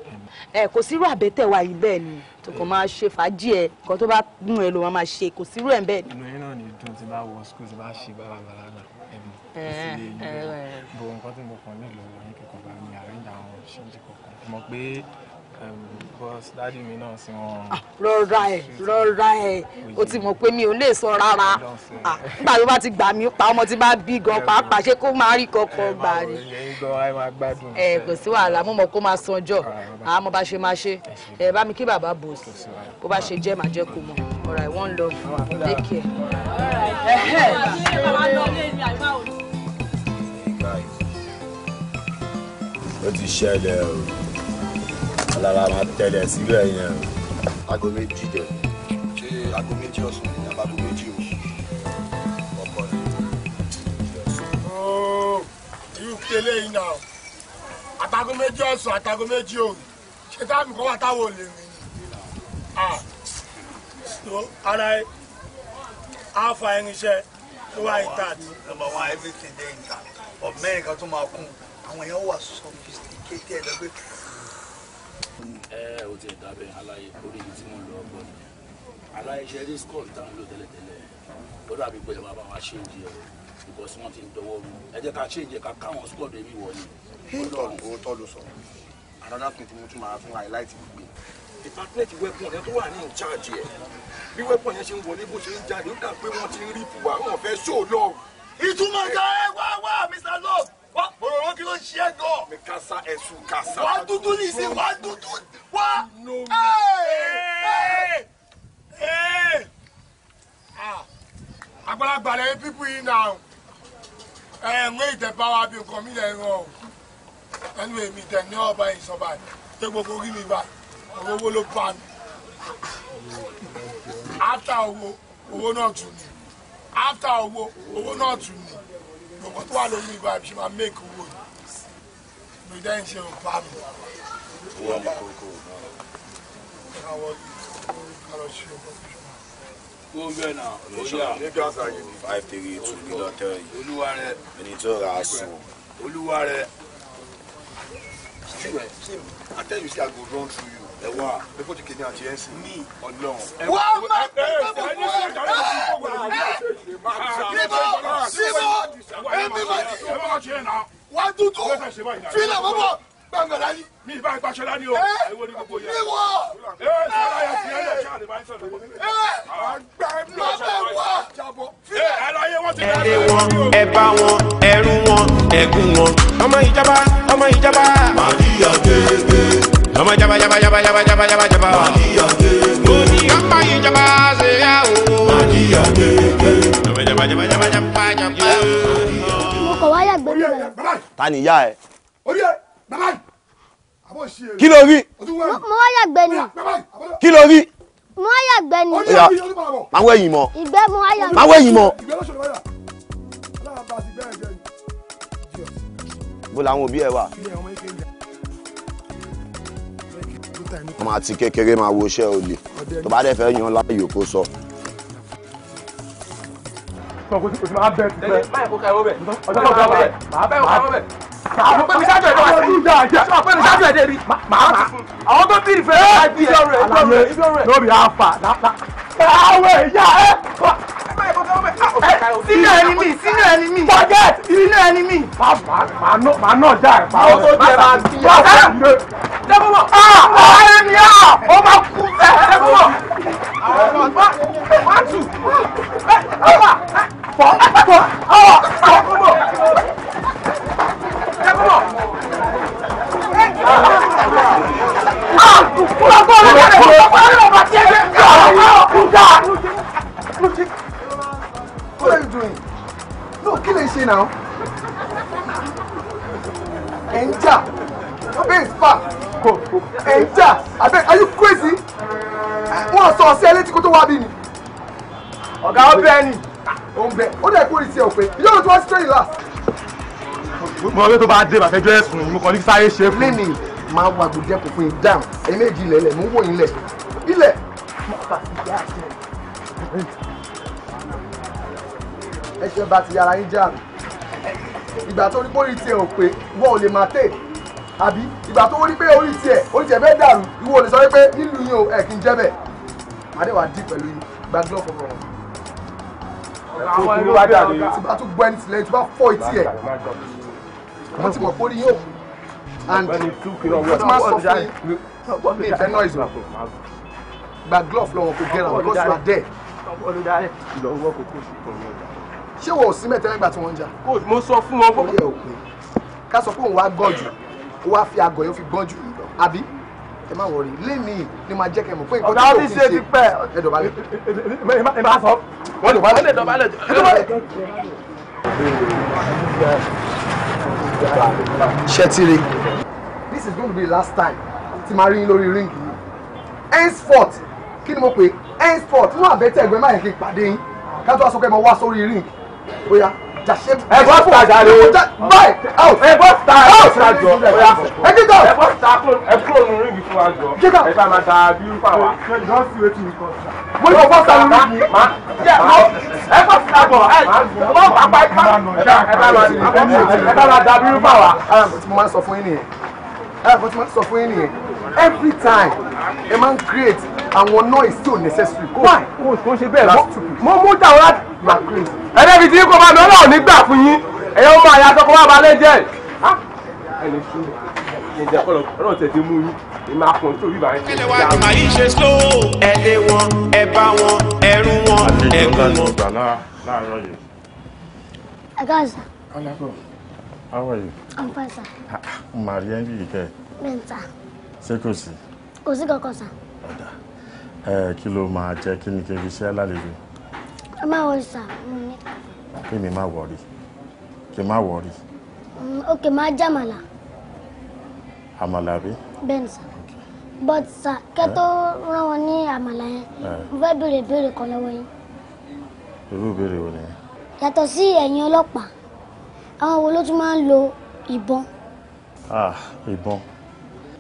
ẹ kò sírú àbẹ́tẹ̀ wa yìí bẹ́ẹ̀ ni tọkàn máa ṣe fàájì ẹ nǹkan tó bá dùn ẹ ló máa ṣe kò sírú ẹ̀ bẹ́ẹ̀ ni. inú yín náà ní dùn tí bá wọ skul tí bá ṣe bàràbàrà náà ẹ̀mí ìsìlẹ̀ yìí bẹ́ẹ̀ bọ̀ nǹkan tí mo kàn nílò ní kẹ̀kọ́ bá mi àríyá àwọn ṣíńjì kọ̀ọ̀kan mọ̀ pé um, bọ́s dádì mi náà sí wọn. rọra ah, ẹ rọra ẹ o ti mọ̀ pé mi ò lè sọ rárá ah, nígbà tó bá ti gbà mí pa ọmọ tí bá bí gan pàápàá ṣé kó máa rí kankan gbà rí. ẹ kò sí wàhálà mo mọ̀ kó máa sanjọ́ àmọ́ bá ṣe máa ṣe ẹ bá mi kí bàbá bò sí bó bá ṣe jẹ́ màá jẹ́ kó mọ̀ ọ̀rọ̀ ẹ̀ wọ́n lọ take care. ó ti ṣẹlẹ̀ o alára máa tẹ̀lé síbẹ̀ yẹn o. aago méjì dẹ̀ ṣé aago méjì ọ̀sán ni àbá aago méjì o ọkọ rẹ̀. ooo irú tẹ́lẹ̀ yìí náà àtàgọ́ méjì ọ̀sán àtàgọ́ méjì o ṣé táàmì kan wà táwọn ò lè rìn ni. ara ẹ á fa irinṣẹ́ tó wà intact. number one everything dey intact but mẹ́rin kan tó máa kún àwọn èèyàn wà sophisticated ẹgbẹ́ ẹ ò tiẹ̀ dábẹ́ aláyé orí ibi tí mo lọ ọgbọ́n nìyẹn aláyé ṣe rí skọ́ọ̀n tá à ń lò tẹ́lẹ̀tẹ́lẹ̀ ó dàbí pé bàbá wa ṣe ìdí ẹ̀rọ because wọ́n ti ń dọwọ́ mu ẹ jẹ́ ká ṣe ìjẹ́ ká káwọn skọ́ọ̀dù èmi wọ̀ ni. ó tọ́ ló sọ àrọ́dá tuntun mo tún máa fún highlight gbé department weapon yẹn tó wà ní ìcharge yẹn bí weapon yẹn ṣe ń wọlé bó ṣe ń jáde ó dà pé wọ́n ti ń rí fún wa wọ́n fẹ́ ṣó lọ. ìtumọ̀ ìyá ẹ wá wá Mr. Love wá òróró kí ló ń ṣe é gan. mi kasa ẹ̀sùn kasa. wàá dúdú ní ìsìn wàá dúdú wá. Ah. àgbàlagbà lẹ́yìn pípú yìí náà ẹ̀ ń wé ìtẹ̀báwa bí nǹkan mi lẹ́yìn ọ̀ ẹnu èmi tẹ̀ ní ọba ìsọba tó gbogbo rí mi bá ọ̀rọ̀ owó ló bá mi. after owó owó náà tún ni after owó owó náà tún ni ọkọ̀ tó wà lórí ibà ṣe máa make owó mi dẹ́yìn ṣe ń pa mi. owó ni kókó náà. káwọ́ kálọ̀ five three two ní lọ́tẹ̀ yìí ẹni tó ra sùn. olúwa rẹ̀ I tell you say I go run through you ẹwà pípọ̀ tí kìnìún àti ẹ̀sìn ní ọlọ́run. wọ́n máa ń pẹ́ pẹ́ pẹ́ síbọ̀ síbọ̀ ẹ̀mí máa ti wá dúdú fílẹ̀ bọ́bọ̀ gbàngàlá yìí. mi ì bá ẹ gbàṣẹ lánìí o. ẹ ìwọ ni gbogbo yẹn. ìwọ. ẹ sara yẹn ti ẹ lọ sí àdìbá ìṣẹ̀lẹ̀ lọ́wọ́. ẹ àgbà ẹ lọ sọ wá. ẹ aláyé wọn ti wọn. ẹ wọn ẹrú wọn. ọmọ ìjọba ọmọ ìjọba. màdìyà gbẹgbẹ ọmọ jaba jaba jaba jaba jaba jaba jaba. màdìyà gègé. yọ̀pá yìí jaba ṣe yá o. màdìyà gègé. ọmọ jaba jaba jaba jaba jaba. mo kọ̀ wáyà gbẹ́lẹ̀ rẹ̀. ta ni ìyá ẹ. orí ẹ bàbá yìí. kí ló rí. mo wáyà gbẹ ni. kí ló rí. mo wáyà gbẹ ni. oya máa wẹ̀ yìí mọ́. ìgbẹ́ mo wáyà gbẹ. máa wẹ̀ yìí mọ́. bó làwọn òbí ẹ wà ọmọ àti kékeré máa wo iṣẹ́ olè tó bá dẹ̀ fẹ́ yan láàyò kó sọ. àwọn pẹ̀lú sájọ ẹ̀dọ́ àti àwọn pẹ̀lú sájọ ẹ̀dẹ́ rí màá ti fún àwọn tó ti rì fẹ́ẹ́ ibi ọ̀rẹ́ ibi ọ̀rẹ́ lórí àfà láwẹ̀ yá ẹ̀ sínú ẹni mi sínú ẹni mi target sínú ẹni mi. màá náà já ẹ. màá tó jẹ máa ti yá. dẹ́kun mọ̀ ọ̀rẹ́ mi yá ọ máa kú fẹ́ dẹ́kun mọ̀. one two four four four dẹ́kun mọ̀ dẹ́kun mọ̀. Ah! Por favor, não quero! Por favor, não! Bateu! Ah! Cuidado! What are you doing? No, kill lè ṣe náà? Ẹ ń jà. Go, spa. Ẹ ń are you crazy? What sọ ọ̀sẹ̀ létí kó tó wá bí ni. Ọ̀gá ọbẹ̀ ni. Ó ń bẹ. Ó dẹ̀ kó ìṣe òpin. Ìjọba tí wọ́n ti tẹ́lẹ̀ last. Mo rò pé tó bá dé bàtẹ́jọ́ ẹ̀sùn yìí, mo kàn ní sáré ṣe é fún. Mímì máa wà gbòjẹ́ kò fún yín dáhùn. Ẹ̀yin méjì ilẹ̀ ilẹ̀ mú wò yín lẹ̀. Mo kà sí ìyá àti ẹ ṣe bá ti yàrá yín jà mí ìgbà tó ní kórìí tiẹ̀ ò pé wọ́n ò lè máa tè àbí ìgbà tó rí pé orí tiẹ̀ orí tiẹ̀ bẹ́ẹ̀ dàrú ìwọ ò lè sọ wípé nílùú yín o ẹ̀ kì í jẹ́ bẹ́ẹ̀ màdé wàá pẹ̀lú yín gba glove ọ̀rọ̀ ẹ̀ tó tí bá tún gbọ́ ẹni tìlẹ̀ tí bá fọ́ etí ẹ̀ wọ́n ti mọ̀ pé yín ò and wọ́n ti máa sọ fún yín mi ìfẹ́ noise o gba glove lọ́wọ́ kò gẹ́ra because you are there ṣé wọ́n sí mẹ́tẹ́ nígbà tí wọ́n ń jà. mo sọ fún wọn. orí ẹ̀ ká sọ pé òun wá gàn jù ó wá fi àgọ̀ yẹn fi gàn jù àbí ẹ má wọrí lẹ́nìí ni máa jẹ́ kẹ́ mọ̀ pé nǹkan tí yóò fi ṣe ẹ dọ̀bálẹ̀. ẹ má sọ wọ́n dọ̀bálẹ̀. ẹ dọ̀bálẹ̀. ẹ dọ̀bálẹ̀. ṣẹtiri this is going to be the last time tí máa rí yín lórí ring yìí henceforth kí ni mo pè henceforth inú àbẹ́tẹ̀ ẹ̀gbẹ́ máa yẹ kí n pàdé yín ká tó aṣọ kẹ́ mọ wá sórí ring bóyá jàṣẹ. ẹ bọ́ síta jàre o báyìí ẹ bọ́ síta ẹ bọ́ síta jọ bóyá ẹ jí tọ. ẹ bọ́ síta ẹ kúrò nínú ríbi fún wa jọ ẹ fẹ́ máa da bírú fún wa. mo yọ bọ́ síta lórí mi. ẹ bọ́ síta bọ̀ ẹ bọ́ pàpà ẹ bá máa da bírú fún wa. ẹ bọ́ tí mo máa ń sọ fún yín nìyẹn every time a man ń create àwọn noise tí ò necessary. why kò kò ṣe bẹ́ẹ̀ lọ mo mú dàrú láti ma create. ẹlẹ́bi tí kò bá mi ọlọ́run nígbà fún yín ẹ̀yọ́ ọmọ àyà tó kọ́ wá balẹ̀ jẹ́ ah! ẹ lè ṣú ìjà kọlọ ọlọ́run tẹ̀sí mú yín èmi á kàn tó bíbá yín. ẹ lè wá àyè ṣe slow ẹ lé wọn ẹ bá wọn ẹ rú wọn ẹ kú wọn. ẹ káàsán. ọlọ́kọ̀ how are you. I'm fine sir. Ah, màrí ẹ́ ń bí ìkẹ́. bẹ́ẹ̀ ni sir ṣé kò sí. kò sí kankan sà. ọ̀dà ẹ kí ló máa jẹ kí ni kí n fi ṣe lálejò. ẹ má wọrí sà mo ní. kí mi má wọrí kí má wọrí. òkè máa jẹ àmàlà. àmàlà bí. bẹ́ẹ̀ ni sà but sà kẹ́ tó rán wọn ní àmàlà yẹn mo fẹ́ béèrè ìbéèrè kan lọ́wọ́ yín. irú ìbéèrè wo nìyẹn. yàtọ̀ sí ẹ̀yin ọlọ́pàá àwọn wo ló tún máa ń lo ìbọn. ah ìbọn. E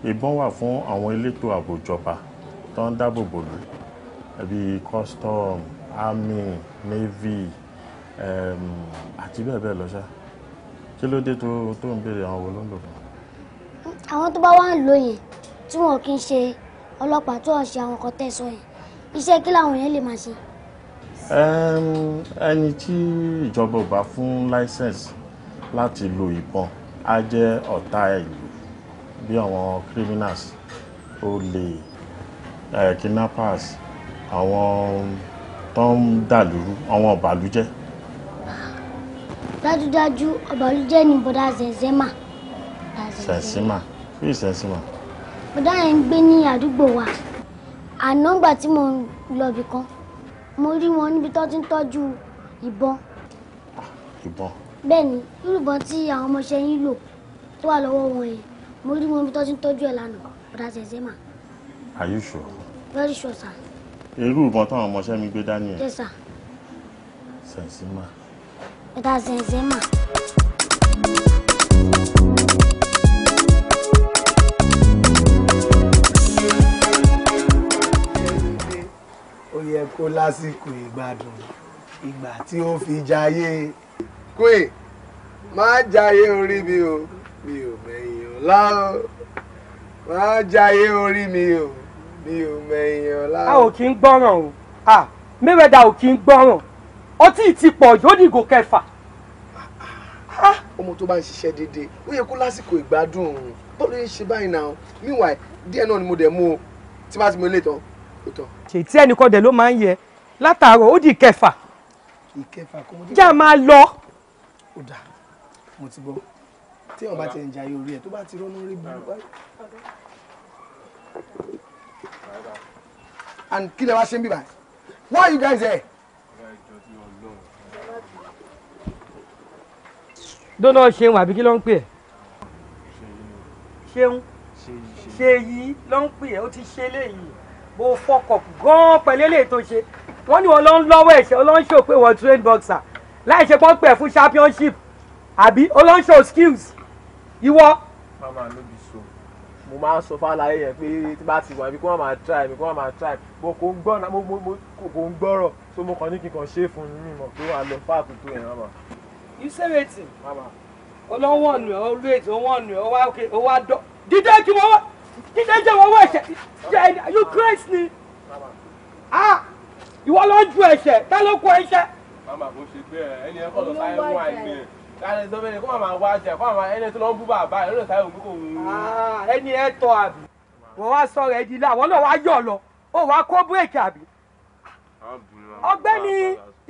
ìbọn wà fún àwọn elétò ààbò ìjọba tó ń dáàbò bò lù ẹbí custom army navy àti bẹ́ẹ̀ bẹ́ẹ̀ lọ ṣá kí ló dé tó tó ń béèrè àwọn wo ló ń lò fún. àwọn tó bá wà ń lò yẹn tí wọn kì í ṣe ọlọ́pàá tó ọ̀ṣẹ́ àwọn kan tẹ̀sán yẹn iṣẹ́ kí làwọn yẹn lè máa ṣe. ẹni tí ìjọba ò bá fún license láti lo ìbọn á jẹ́ ọ̀tá ìlú bí àwọn criminals olè eh, kidnappers àwọn tó ń dàlúrú àwọn ọ̀bàlújẹ́. dájúdájú ọ̀bàlújẹ́ ni bọ́dà zẹ̀zẹ̀mà. sẹ̀nsìmà bí sẹ̀nsìmà. bọ́dà yẹn ń gbé ní àdúgbò wa àná ìgbà tí mo lọ ibì kan mo rí wọn níbi tó ti ń tọ́jú ìbọn. Ah, ìbọn. bẹ́ẹ̀ ni irú ìbọn tí àwọn ọmọọṣẹ́ yín lò tó wà lọ́wọ́ wọn yẹn mo rí wọn bí tó ti ń tọ́jú ẹ̀ lánàá bọ́dà ṣẹ̀ṣẹ̀ are you sure. very sure sir. irú ìbọn táwọn ọmọọṣẹ́ mi gbé dání ẹ̀. yes sir. ṣẹ̀ṣẹ̀ mà. bọ́dà ṣẹ̀ṣẹ̀ mà. ó yẹ kó lásìkò ìgbádùn ìgbà tí ó fi jayé. kwe máa jayé orí mi o mi ò mẹ́yìn ọ̀la o máa jayé orí mi o mi ò mẹ̀yìn ọ̀la o. a ò kí ń gbọ́ràn o a mẹ́wẹ́dà ò kí ń gbọ́ràn ọtí ti pọ̀ yóò dìgò kẹfà. ọmọ tó bá ń ṣiṣẹ́ déédéé ó yẹ kó lásìkò ìgbádùn òun bọ́ọ̀lù yìí ṣe báyìí náà meanwhile díẹ̀ náà ni mo dẹ̀ mú o tí bá ti mú ilé tán kò tán. ṣètí ẹnìkan dẹ̀ ló máa ń yẹ látàárọ̀ ó di kẹfà. ìkẹfà kò mọ. já máa lọ. ó dà mo ti bọ́ tí wọn bá ti ń jayé orí ẹ tó bá ti rọ́nà rí burú báyìí. and kí lè wá ṣe ń bíbá why you guys here. dóná ṣeun àbí kí ló ń pè ẹ́ ṣeun ṣe yìí ló ń pè ẹ́ ó ti ṣe léyìí bó fọkọ̀ gan-an pẹ̀lú eléyìí tó ṣe wọ́n ní wọn ló ń lọ́wọ́ ẹ̀ṣẹ̀ olóńṣò pé wọ́n train boxer láì ṣe pọ́ńpẹ́ fún championship àbí olóńṣò skills ìwọ. Mama, no be so mo máa ń sọ fáláyé yẹn pé tí bá ti wà mí kó máa try mi kó má máa try mo kò ń gbọ́ mo mo kò ń gbọ́rọ̀ so mo kàn ní kí n kàn ṣe é fún mi mọ̀ pé wàá lọ fáàkù tó yẹn màmá. you say wetin. Mama, olówó ọ̀nù ẹ̀ olú ètò owó ọ̀nù ẹ̀ owó àkè owó àdọ́ dídé kí wọ́n wá dídé jẹ́ wọ́n wá ẹ̀ṣẹ̀ jẹ́ you craze ni. ah ìwọ ló ju ẹ̀ṣẹ̀ tá ló kó ẹ̀ṣẹ̀. màmá kò ṣe bẹ́ẹ̀ ẹni ẹ kálẹ̀ sọ bẹ́ẹ̀ ni kó máa wá jà kó máa ẹni tó lọ ń bú bàbá ẹ̀ lọ́dọ̀ táyà òun kò wú. Ah, ẹni ẹ tọ àbí wọn wá sọ̀rọ̀ ẹ di ilé àwọn náà wá yọ lọ ó wá kó búrèkì àbí. ọ̀gbẹ́ni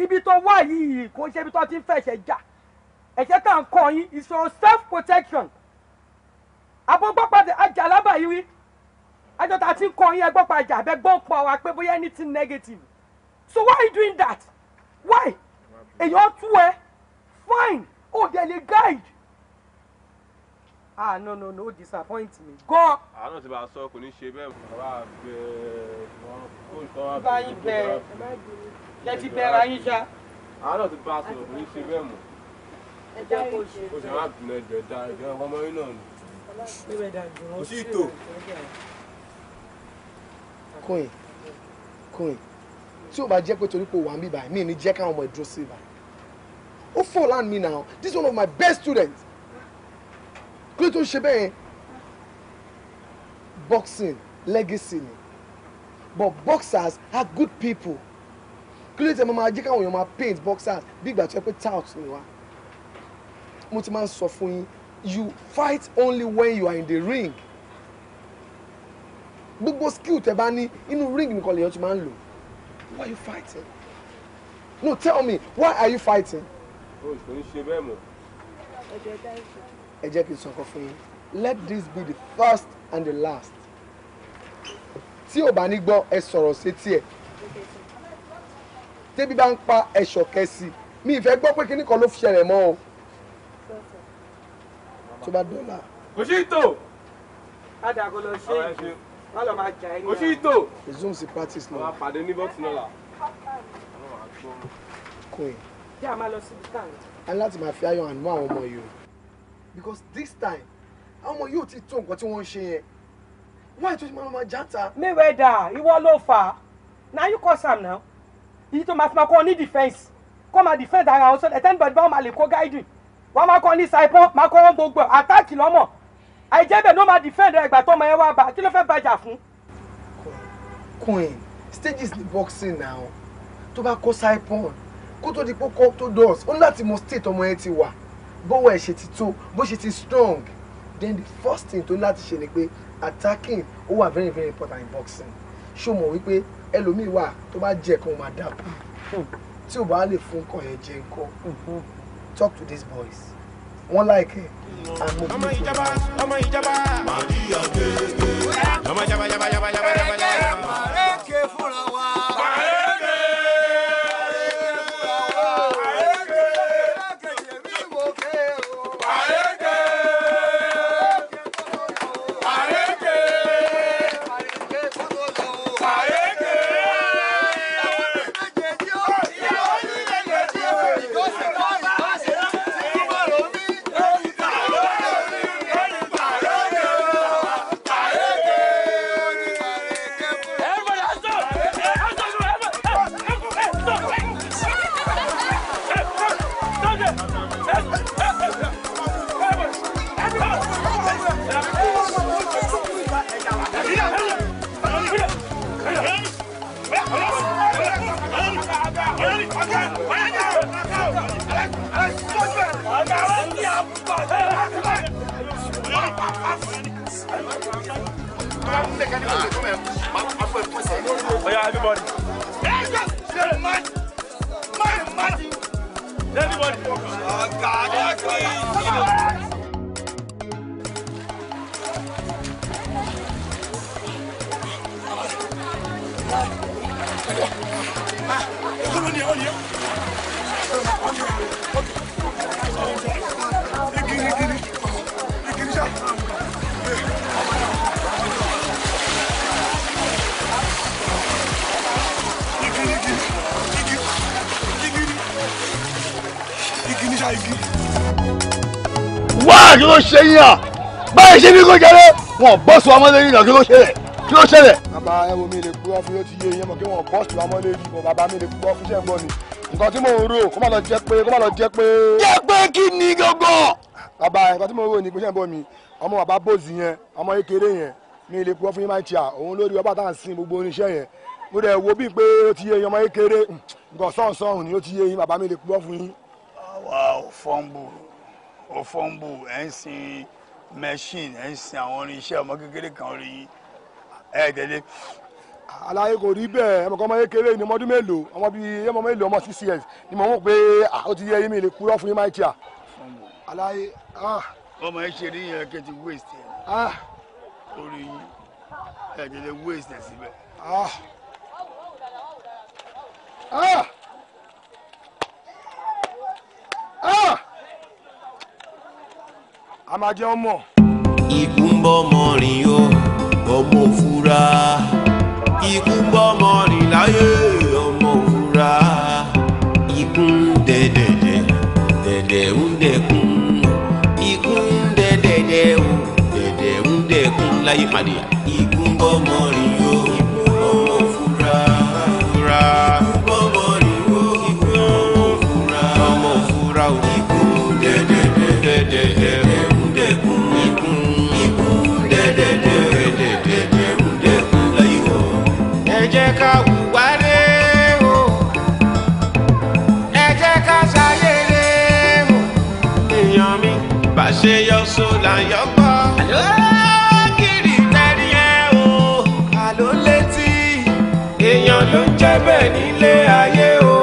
ibi tó wà yìí kò ṣe ibi tó ti ń fẹsẹ̀ jà ẹ̀ṣẹ̀ tá à ń kọ́ yín ìṣòro self protection abọ́gbọ́pàdé ajàlábà yìí rí ajọ́ ta ti ń kọ́ yín ẹgbọ́pàjà àbẹ́gbọ́n pa wa pé bóyá anything negative so why you doing that why èèyàn tú ẹ fine Oh, dẹ̀ lè guide. ah no no no disappoint me gan. Ah, àánú ti bá a sọ kò ní ṣe bẹ́ẹ̀ fún wa bẹ́ẹ̀ bá yín bẹ́ẹ̀ lẹ ti bẹ́ẹ̀ra yín ṣá. àánú ah, ti bá a sọ kò ní ṣe bẹ́ẹ̀ mọ́. ẹ jẹ́ kó ṣe. kó ṣe máa bìnrin ẹ̀jẹ̀ da ẹ̀jẹ̀ ọmọ yín náà ni. kò sí ìtò. kóyìn kóyìn tí ò bá jẹ́ pé torí pé òwà ń bíbà mí ni jẹ́ káwọn ọmọ ìdúró sí ibà ó fall on me now this one of my best students kílódé tó boxing legacy but boxers are good people kílódé tẹ máa jẹ́ káwọn èèyàn máa paint boxers bí ìgbà tó yẹ pé tout ni wá mo ti máa sọ fún yín you fight only when you are in the ring gbogbo skill tẹ bá ní inú ring nìkan lèèyàn ti máa ń why are you fighting no tell me why are you fighting ẹ jẹ́ kí n sọ̀kan fún yín let this be the first and the last tí ò bá ní gbọ́ ẹ sọ̀rọ̀ sétí ẹ̀ tẹ́bí bá ń pa ẹ̀ṣọ̀ kẹ́sì mi ìfẹ́ gbọ́ pé kíní kan ló fi ṣẹlẹ̀ mọ́ o tó bá dọ́là. kò sí ìtò. ádàgọ́ lọ ṣe wọ́n lọ máa jà ẹ́ ní. kò sí resume sí practice náà. àwọn àpàdé ní bọ́ọ̀sì náà là. queen jẹ́ àmà lọ síbi káà. a ní láti máa fi ayọ̀ àánú àwọn ọmọ yìí o because this time àwọn ọmọ yìí ò ti tó nǹkan tí wọ́n ń ṣe yẹn wọ́n ètò ìmọ̀ ọmọ játa. Mayweather ìwọ ló fà á na you cause am now èyí tó máa fi máa kọ́ ní defence kọ́ máa defend ara wọn sọ́dọ̀ ẹ̀tẹ́nibọ̀dì báwọn máa lè kó gáìdì wọ́n máa kọ́ ní saipọ́ máa kọ́ wọn gbogbo àtàkì lọ́mọ̀ àìjẹ́bẹ̀ ló máa defend ẹgbà tó máa ẹ wá bá kí ló fẹ́ bàjà fún. queen stages ni boxing now tó bá kó saipọ́n kó tó di pé kó tó dọ̀s ó ní láti mọ state ọmọ yẹn ti wà bówó ẹ̀ ṣe ti tó bó ṣe ti strong then the first thing tó ní láti ṣe ni pé attacking ó wà very very important in boxing ṣó mọ̀ wípé ẹlòmíì wà tó bá jẹ kan máa dàpọ̀ tí ò bá lè fún kàn yẹn jẹ nǹkan talk to these boys wọ́n láìkẹ́ àmọ́ ọmọ ìjọba ọmọ ìjọba kó jẹrẹ wọn bọ́ọ̀sù amọ́lẹ́rì náà kí ló ṣẹlẹ̀ kí ló ṣẹlẹ̀. bàbá ẹ mi lè kú wá fún ti yé ìyẹn mọ̀ kí wọn bọ́ọ̀sù amọ́lẹ́rì mọ̀ bàbá mi lè kú wá fún ń bọ̀ ni nǹkan tí mò ń rò kó má lọ jẹ́ pé kó má lọ jẹ́ pé. jẹ́ pé kí ni gbogbo. bàbá nǹkan tí mò ń rò ní pé ṣẹ́ ń bọ̀ mi ọmọ bàbá bòzì yẹn ọmọ ékeré yẹn mi lè kú wá máa ń ti machine ẹ̀ ń sin àwọn irinṣẹ́ ọmọ kékeré kan rí ẹ̀ tẹ́lẹ̀. àlàyé kò rí bẹ́ẹ̀ ẹ̀mọ̀kọ́ ọmọ kékeré ni ọmọdún mélòó ọmọ bíi ọmọ mélòó ọmọ six years ni mo mọ̀ pé ó ti yẹ yémi lè kúrọ́ fún yín máa ń tíya. àlàyé ọmọ yẹn ṣe rí yẹn kẹ́ ti waste ẹ̀ orí yín ẹ̀ tẹ́lẹ̀ waste ẹ̀ síbẹ̀. Ah! a máa jẹ́ ọmọ. ikú ń bọ́ ọmọ rìn o ọmọ òfura ikú ń bọ́ ọmọ rìn láyé ọmọ òfura ikú ń dẹ̀dẹ̀dẹ̀ dẹ̀dẹ̀ ń dẹ̀kun ikú ń dẹ̀dẹ̀dẹ̀ dẹ̀dẹ̀ ń dẹ̀kun láyé pàdé ikú ń bọ́ ọmọ rìn. àṣeyọ sólà yọgbọ. àló kiri tẹ́rí ẹ o àló létí èèyàn ló ń jẹ́ bẹ́ẹ̀ nílé ayé o.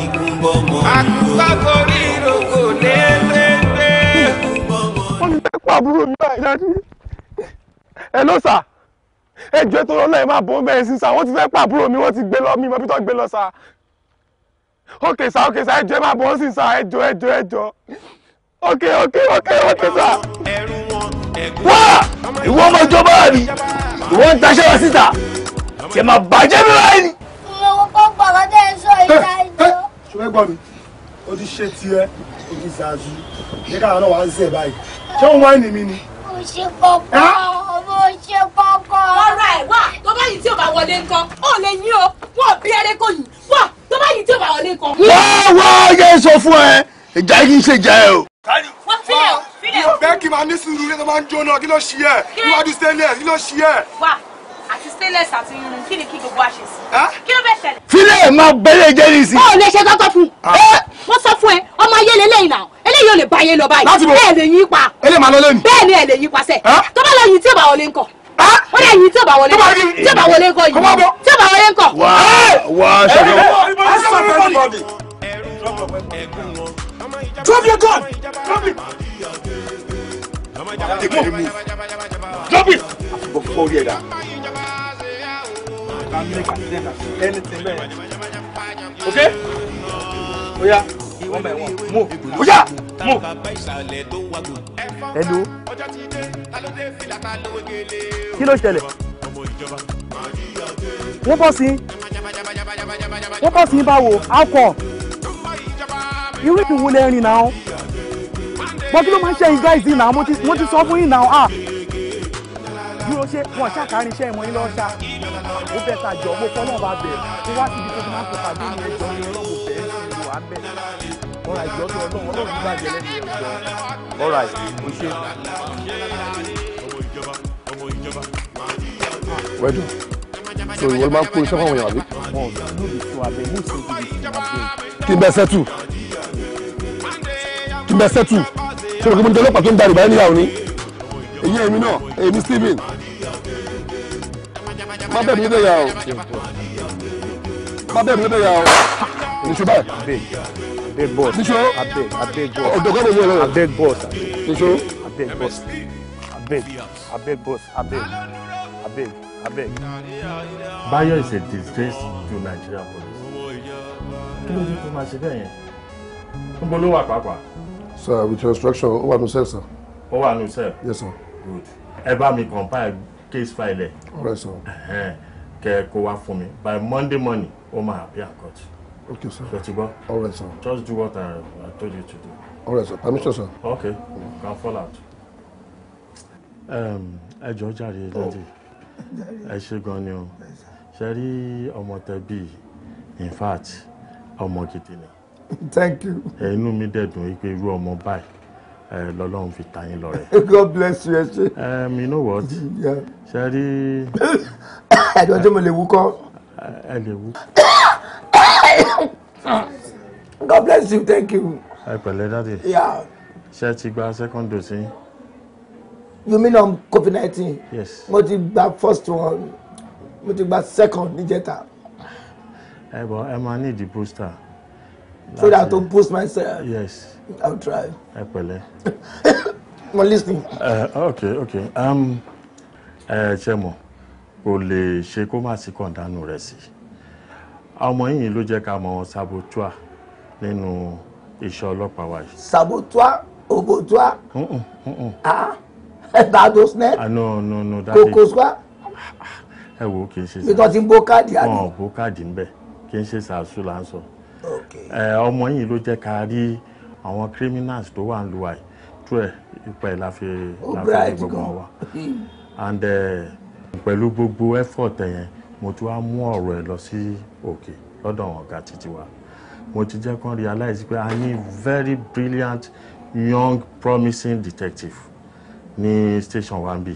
igun bọ̀mọ̀ àkùkọ forí rògbò lélẹ́gbẹ́. wọ́n ti fẹ́ pa àbúrò mi báyìí dájú. ẹ ló sà ẹ jẹ́ tó lọ́nà ẹ máa bọ́ bẹ́ẹ̀ sí sà wọ́n ti fẹ́ pa àbúrò mi wọ́n ti gbé lọ mi mọ̀ bí tó gbé lọ sà. ókè sà ókè sà ẹ jẹ́ máa bọ́ sí sà ẹ jọ ẹ jọ ẹ jọ okay okay okay okay sá. wá ìwọ ọmọ ìjọba mi ìwọ ń taṣẹ́ wá síta tí ẹ máa bàjẹ́ mi láì ní. mo kọ́ pàrọ̀ tẹ́ ẹ sọ ìta ìjọ. ṣùgbọ́n gbọ́ mi ó ti ṣe tiẹ̀ ó ti ṣáájú ní káwọn náà wá ń sẹ̀ báyìí ṣé òun wá ní mi ni. mo ṣe kọ́kọ́ ah! mo ṣe kọ́kọ́. ọ̀rọ̀ ẹ̀ wá tó bá yìí tí ò bá wọlé nǹkan ó lè yín o wọ́n bí ẹrẹ́ kò yìí wá tó bá yìí tí ò bá wọlé nǹkan. wá wá yẹ sọ fún ẹ ìjà yìí kì ṣe jẹ o kárí. wọ́n fílẹ̀ o fílẹ̀ o. bẹ́ẹ̀ kì í máa ní sùúrù ní ọmọ jóná kí ló ṣí ẹ níwájú stainless kí ló ṣí ẹ. wà àti stainless àti irun kí ni kí gbogbo àṣẹ sí. kí ló bẹ́ẹ̀ ṣẹlẹ̀. fílẹ̀ máa bẹ́lẹ̀ jẹ́ ní sí. báwo lè ṣe tọ́tọ́ fún un. wọ́n sọ fún ẹ ọmọ ayé lélẹ́yìn náà eléyìí ò lè bá ayé lọ báyìí. láti bọ̀ bẹ́ẹ̀ lè yín pa. eléyìí máa lọ lẹ́nu. bẹ́ẹ̀ ni ẹ̀ lè yín pa sẹ́. tó bá lọ yìí tí ò bá wọlé ńkọ́ ó lè yìí tí ò bá wọlé ńkọ́ tí ò bá wọlé ńkọ́ yìí tí ò bá wọlé ńkọ́. wàá wàá ṣàbẹ̀wò. Drop your gun! Drop it! Take it move. Drop it! Before you that. Okay? Oh yeah. One by one. Move. Oh yeah. Move. Hello. Kí ló What Wọ́n bọ̀ sí. Wọ́n bọ̀ sí báwo? How come? irú ìdùnnú lè rìn náà bọ́n kí ló máa ń ṣe ìgbà ìdí náà mo ti sọ fún yín náà à dúró ṣe wọn ṣàkárin iṣẹ́ ìmọ̀ yín lọ́ọ́ ṣá ó bẹ̀ ta jọ mo fọ́nà bá bẹ̀ kó wá síbi tó ti máa ń kó pàdé ní ẹjọ́ ní ọlọ́wọ́ bẹ̀ ìlú abẹ́ ọ̀rọ̀ àìjọ́ tó ọlọ́wọ́ ọlọ́wọ́ bá jẹ lẹ́nu ẹjọ́ ọ̀rọ̀ àìjọ́ wẹ́dùn so ìwọ ló máa ń kó iṣẹ́ fáwọn èèyàn àbí. kí n bẹ́ẹ̀ sẹ́tù bẹ sẹ́tù ṣé òkè mo ní ọlọ́pàá tó ń darí báyìí níyàwó ni èyí èmi náà èmi Stephen má bẹ́ẹ̀ mi ló dé yà o má bẹ́ẹ̀ mi ló dé yà o nìṣó báyìí nìṣó ọ̀dọ̀gọ́ mi yẹ lọ nìṣó. Bayo is a disgrace to Nigeria police. Kí ló dé tó máa ṣe bẹ́ẹ̀ yẹn? Ń bolo wà pàápàá sir with your instruction ó wà ní sẹ́ẹ̀ sir. ó wà ní sẹ́ẹ̀. yes sir. good ẹ bá mi compile case file All right, sir. Okay, go wá for me by monday morning ó máa appear court. okay sir. ṣe ti gbọ́. alright sir. just do what I, I told you to do. All right, sir permission sir. okay you can fall out. ẹ jọ̀ọ́ jàre lẹ́dí oh. ẹ ṣe gan ni o ṣe I'm ọmọ tẹ bíi in fact I'm gidi ni thank you. inú mi dẹ̀dùn yìí pé irú ọmọ báyìí lọ́lọ́run fi ta yín lọ́rẹ. God bless you ẹ ṣe. Um, you know what? ṣe rí. ẹ̀dùn ọjọ́ mo lè wúkọ́. ẹ lè wú. God bless you thank you. ẹ pẹ̀lẹ́ dáde. ṣe ti gba second dose yín. you mean on covid nineteen. yes. mo ti gba first one mo ti gba second níjẹta. ẹ bọ ẹ máa ní ìdí booster so that I to boost myself. Yes. I'll try. Ẹ pẹ̀lẹ́. Mo Uh, okay, okay. Um, ẹ ṣe mọ̀, kò lè ṣe kó má sí kọ̀ǹdánù rẹ̀ sí. Ọmọ yìí ló jẹ́ ká mọ̀ sabotua nínú iṣẹ́ ọlọ́pàá wa yìí. Sabotua, obotua. Mm-mm, mm Ah, bado snake. Ah, no, no, no. Koko square. Ẹ wo kì í ṣe. Bí wọ́n ti ń bó káàdì àná. Wọ́n ò bó káàdì ń bẹ̀, kì ọmọ yìí ló jẹ́ ká rí àwọn criminals tó wà ń lu àì tó ẹ̀ ipa ẹ̀ la fi rí gbogbo wa and pẹ̀lú gbogbo effort yẹn mo ti wá mú ọ̀rọ̀ ẹ̀ lọ sí òkè lọ́dọ̀ àwọn ọ̀gá títí wa mo ti jẹ́ kán realize pé a ní very brilliant young promising detective ní station one b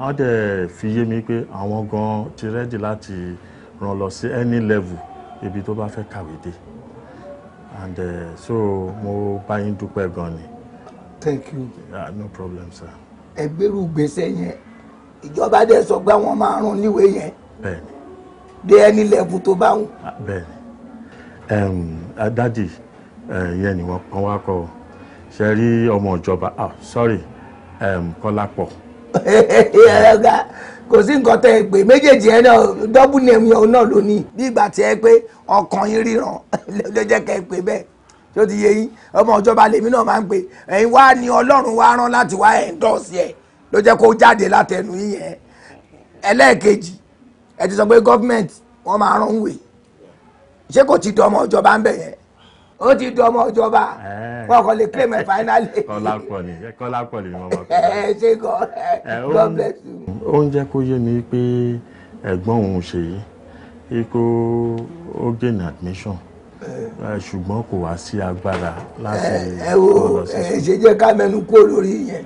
wọ́n dẹ̀ fi yé mi pé àwọn gan ti ready láti ràn lọ sí any level ibi tó bá fẹ́ kàwé dé and uh, so mo bá yín dúpẹ́ gan ni. thank you. Yeah, no problem sir. ẹgbẹ́rú gbèsè yẹn ìjọba dẹ̀ sọ pé àwọn máa rún níwèé yẹn. bẹ́ẹ̀ni. dé ẹni lẹ́bù tó bá wù. Ah, bẹ́ẹ̀ni ah, dádì eh, yẹn ni wọ́n kàn wá kọ́ ṣe rí ọmọ ìjọba ah sorry um, Kọ́lápọ̀ ọ̀gá kò sí nǹkan tẹ́ ẹ pé méjèèjì ẹ dọ́bù ní ẹ̀mí ọ̀hún náà ló bí ìgbà tí ẹ pé ọkàn yín ríran ló jẹ́ kẹ́ ẹ pé bẹ́ẹ̀ tó ti yé yín ọmọ ìjọba lèmi náà máa ń pè ẹ̀yin wá ní ọlọ́run wá rán láti wá ẹ̀ńdọ́ọ̀sì ẹ̀ ló jẹ́ kó jáde látẹnu yín yẹn ẹlẹ́ẹ̀kejì ẹ ti sọ pé gọ́fìmẹ̀ntì wọ́n máa rán wèé ṣé kò ti dọ́ ọmọ ìjọba ń bẹ̀ yẹn ó ti di ọmọ ìjọba eh. wọn kò lè claim ẹ finally. kọ́lá pọ̀ eh, ni kọ́lá pọ̀ ni màmá kọ́lá. ẹ ṣe gan God bless you. ó ń jẹ́ kó yé mi pé ẹ̀gbọ́n òun ṣe yìí ikú ó gain admission eh. ṣùgbọ́n kò wá sí agbára láti kọ́ lọ sí. ẹ ṣe jẹ́ ká mẹ́nu kó lórí yẹn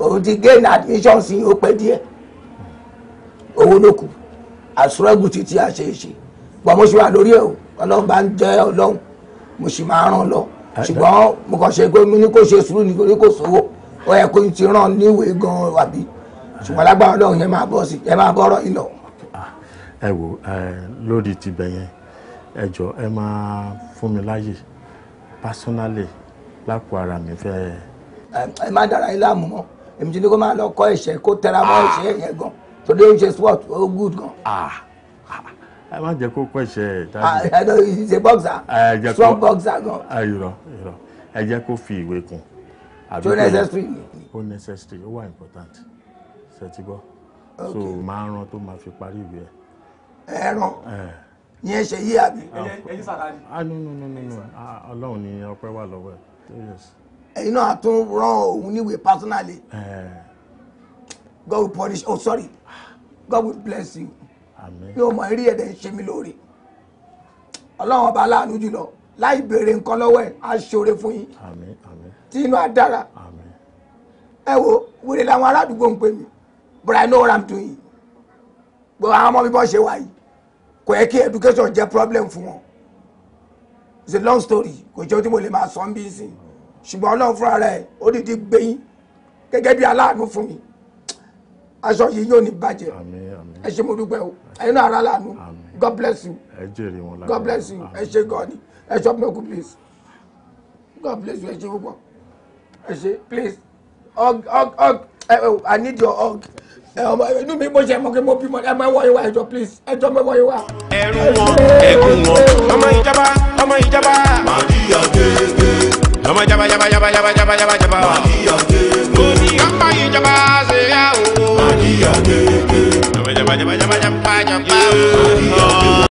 òun ti gain admission sí ó pẹ́ díẹ̀ owó ló kù àsúrẹ́gù títí àṣeyṣe pọ̀ mo ṣe wà lórí ẹ̀ o ọlọ́run bá ń jẹ́ ọlọ́run mo sì máa ràn lọ ṣùgbọ́n mo kàn ṣe pé mo ní kó ṣe sùúrù nítorí kò sówó ó yẹ kó n ti ràn níwèé gan wàbí ṣùgbọ́n lágbára Ọlọ́run yẹn máa bọ́ sí ah, ẹ máa bọ́rọ̀ yìí lọ. ẹ wo lórí tibẹ̀ yẹn ẹ jọ ẹ máa fún mi láyè pásọ́nálì lápò ara mi fẹ́. ẹ má dára ilé àmú mọ́ èmi ti ní kó máa lọ kọ́ ẹ̀ṣẹ̀ kó tẹra mọ́ ah. ẹ̀ṣẹ̀ yẹn gan torí ó ń ṣe sport ó good gan. Ah ẹ má jẹ́ kó pẹ̀ṣẹ̀ dájú. Ah, ẹ ló yìí ṣe boxer. strong boxer, gan. Ah, irọ́ irọ́ ẹ jẹ́ kó fi ìwé kún. tó necessary ni. ó necessary ó wà important ṣe so máa ran tó máa fi parí ìwé ẹ. ẹ ràn yẹn ṣe yí àbí. ẹyin sàkáàdì. ah no no no no no ah, ọlọ́run ni ọpẹ́ wà lọ́wọ́ ẹ̀. ẹyin náà tún rán òun níwèé personally. God will punish oh sorry God will bless you yóò mọ eré ẹ̀dẹ̀ ṣe mí lóore ọlọ́run ọba aláàánú jùlọ láì béèrè nǹkan lọ́wọ́ ẹ̀ á ṣoore fún yín tí inú á dára ẹ wo wèrè làwọn aládùúgbò ń pè mí but I know what I'm doing gbọ́ àwọn ọmọ mi bọ́ ṣe wá yìí kò yẹ kí education jẹ́ problem fún wọn it's a long story kò jẹ́ tí mo lè máa sọ ń bí sí ṣùgbọ́n ọlọ́run fúnra rẹ̀ ó dìde gbẹ̀yìn gẹ́gẹ́ bí aláàánú fún mi aṣọ yìí yóò ní bàjẹ́ ẹ ṣé mo dúpẹ́ o ẹ̀yin náà ara lànà god bless you god bless you ẹ ṣé gan ni ẹ ṣọ́ mẹ́kù please god bless you ẹ ṣé púpọ̀ ẹ ṣé please hug hug hug i need your hug ọmọ inú mi bó ṣe mọ kí mo bímọ ẹ máa wọ ìwà ẹjọ please ẹjọ máa wọ ìwà. ẹrù wọn ẹgún wọn ọmọ ìjọba ọmọ ìjọba. màdìyà gègé. ọmọ jaba màdìyà gègé jampa yi jaba se ya o. Màdìyà gbẹ̀gbẹ̀. Jaba jaba jaba jampa jampa o.